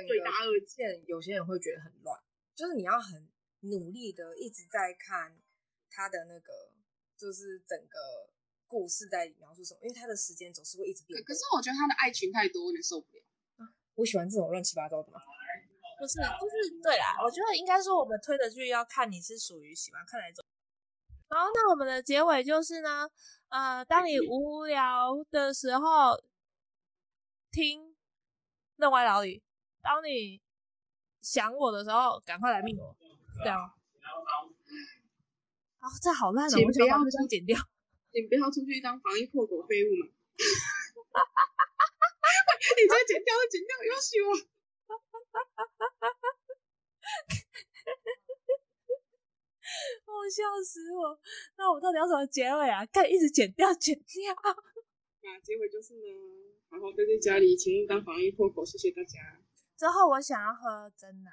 對答而見，有些人會覺得很亂，就是你要很努力的一直在看他的那個，就是整個故事在描述什麼，因為他的時間總是會一直變變。可是我覺得他的愛情太多，我受不了。啊，我喜歡這種亂七八糟的嗎？不是，就是對啦。我覺得應該說我們推的劇要看你是屬於喜歡看哪種。好，那我們的結尾就是呢，呃，當你無聊的時候聽。弄歪老李，當你想我的時候，趕快來命我，這樣。啊，這好爛啊！解 我要不要剪掉，你不要出去一張防疫破口廢物嘛！ 你再剪、啊、剪掉，剪掉，又笑我！ 我笑死我！那我到底要什麼結尾啊？看，一直剪掉，剪掉。那結尾就是呢，好好待在家裡，請勿當防疫破口，謝謝大家。之後我想要喝珍奶。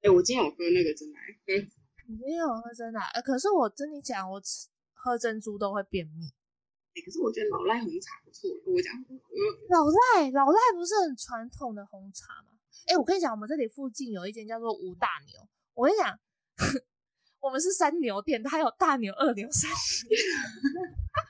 哎、欸，我今天有喝那個珍奶。嗯，你沒有喝珍奶？呃，可是我跟你講，我吃喝珍珠都會便秘。欸、可是我覺得老賴紅茶不錯。我講，老賴老賴不是很傳統的紅茶嗎？哎、欸，我跟你講，我們這裡附近有一間叫做吳大牛。我跟你講，我們是三牛店，它有大牛、二牛、三牛。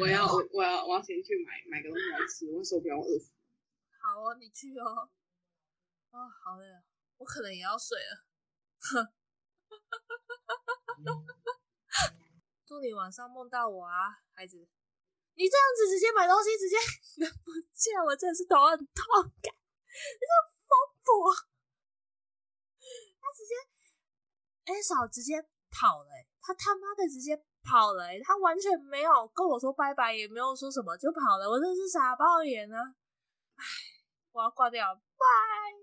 我要我要我要先去買買個東西來吃，我手比較不要餓死。好啊、哦，你去哦。啊、哦，好累，我可能也要睡了。 嗯嗯、祝你晚上夢到我啊，孩子。你這樣子直接買東西，直接……不見，我真的是頭很痛感，你說瘋婆，他直接，A 嫂直接跑了、欸，他他媽的直接。跑了、欸，他完全沒有跟我說拜拜，也沒有說什麼就跑了。我真是傻爆眼啊！唉，我要掛掉，拜。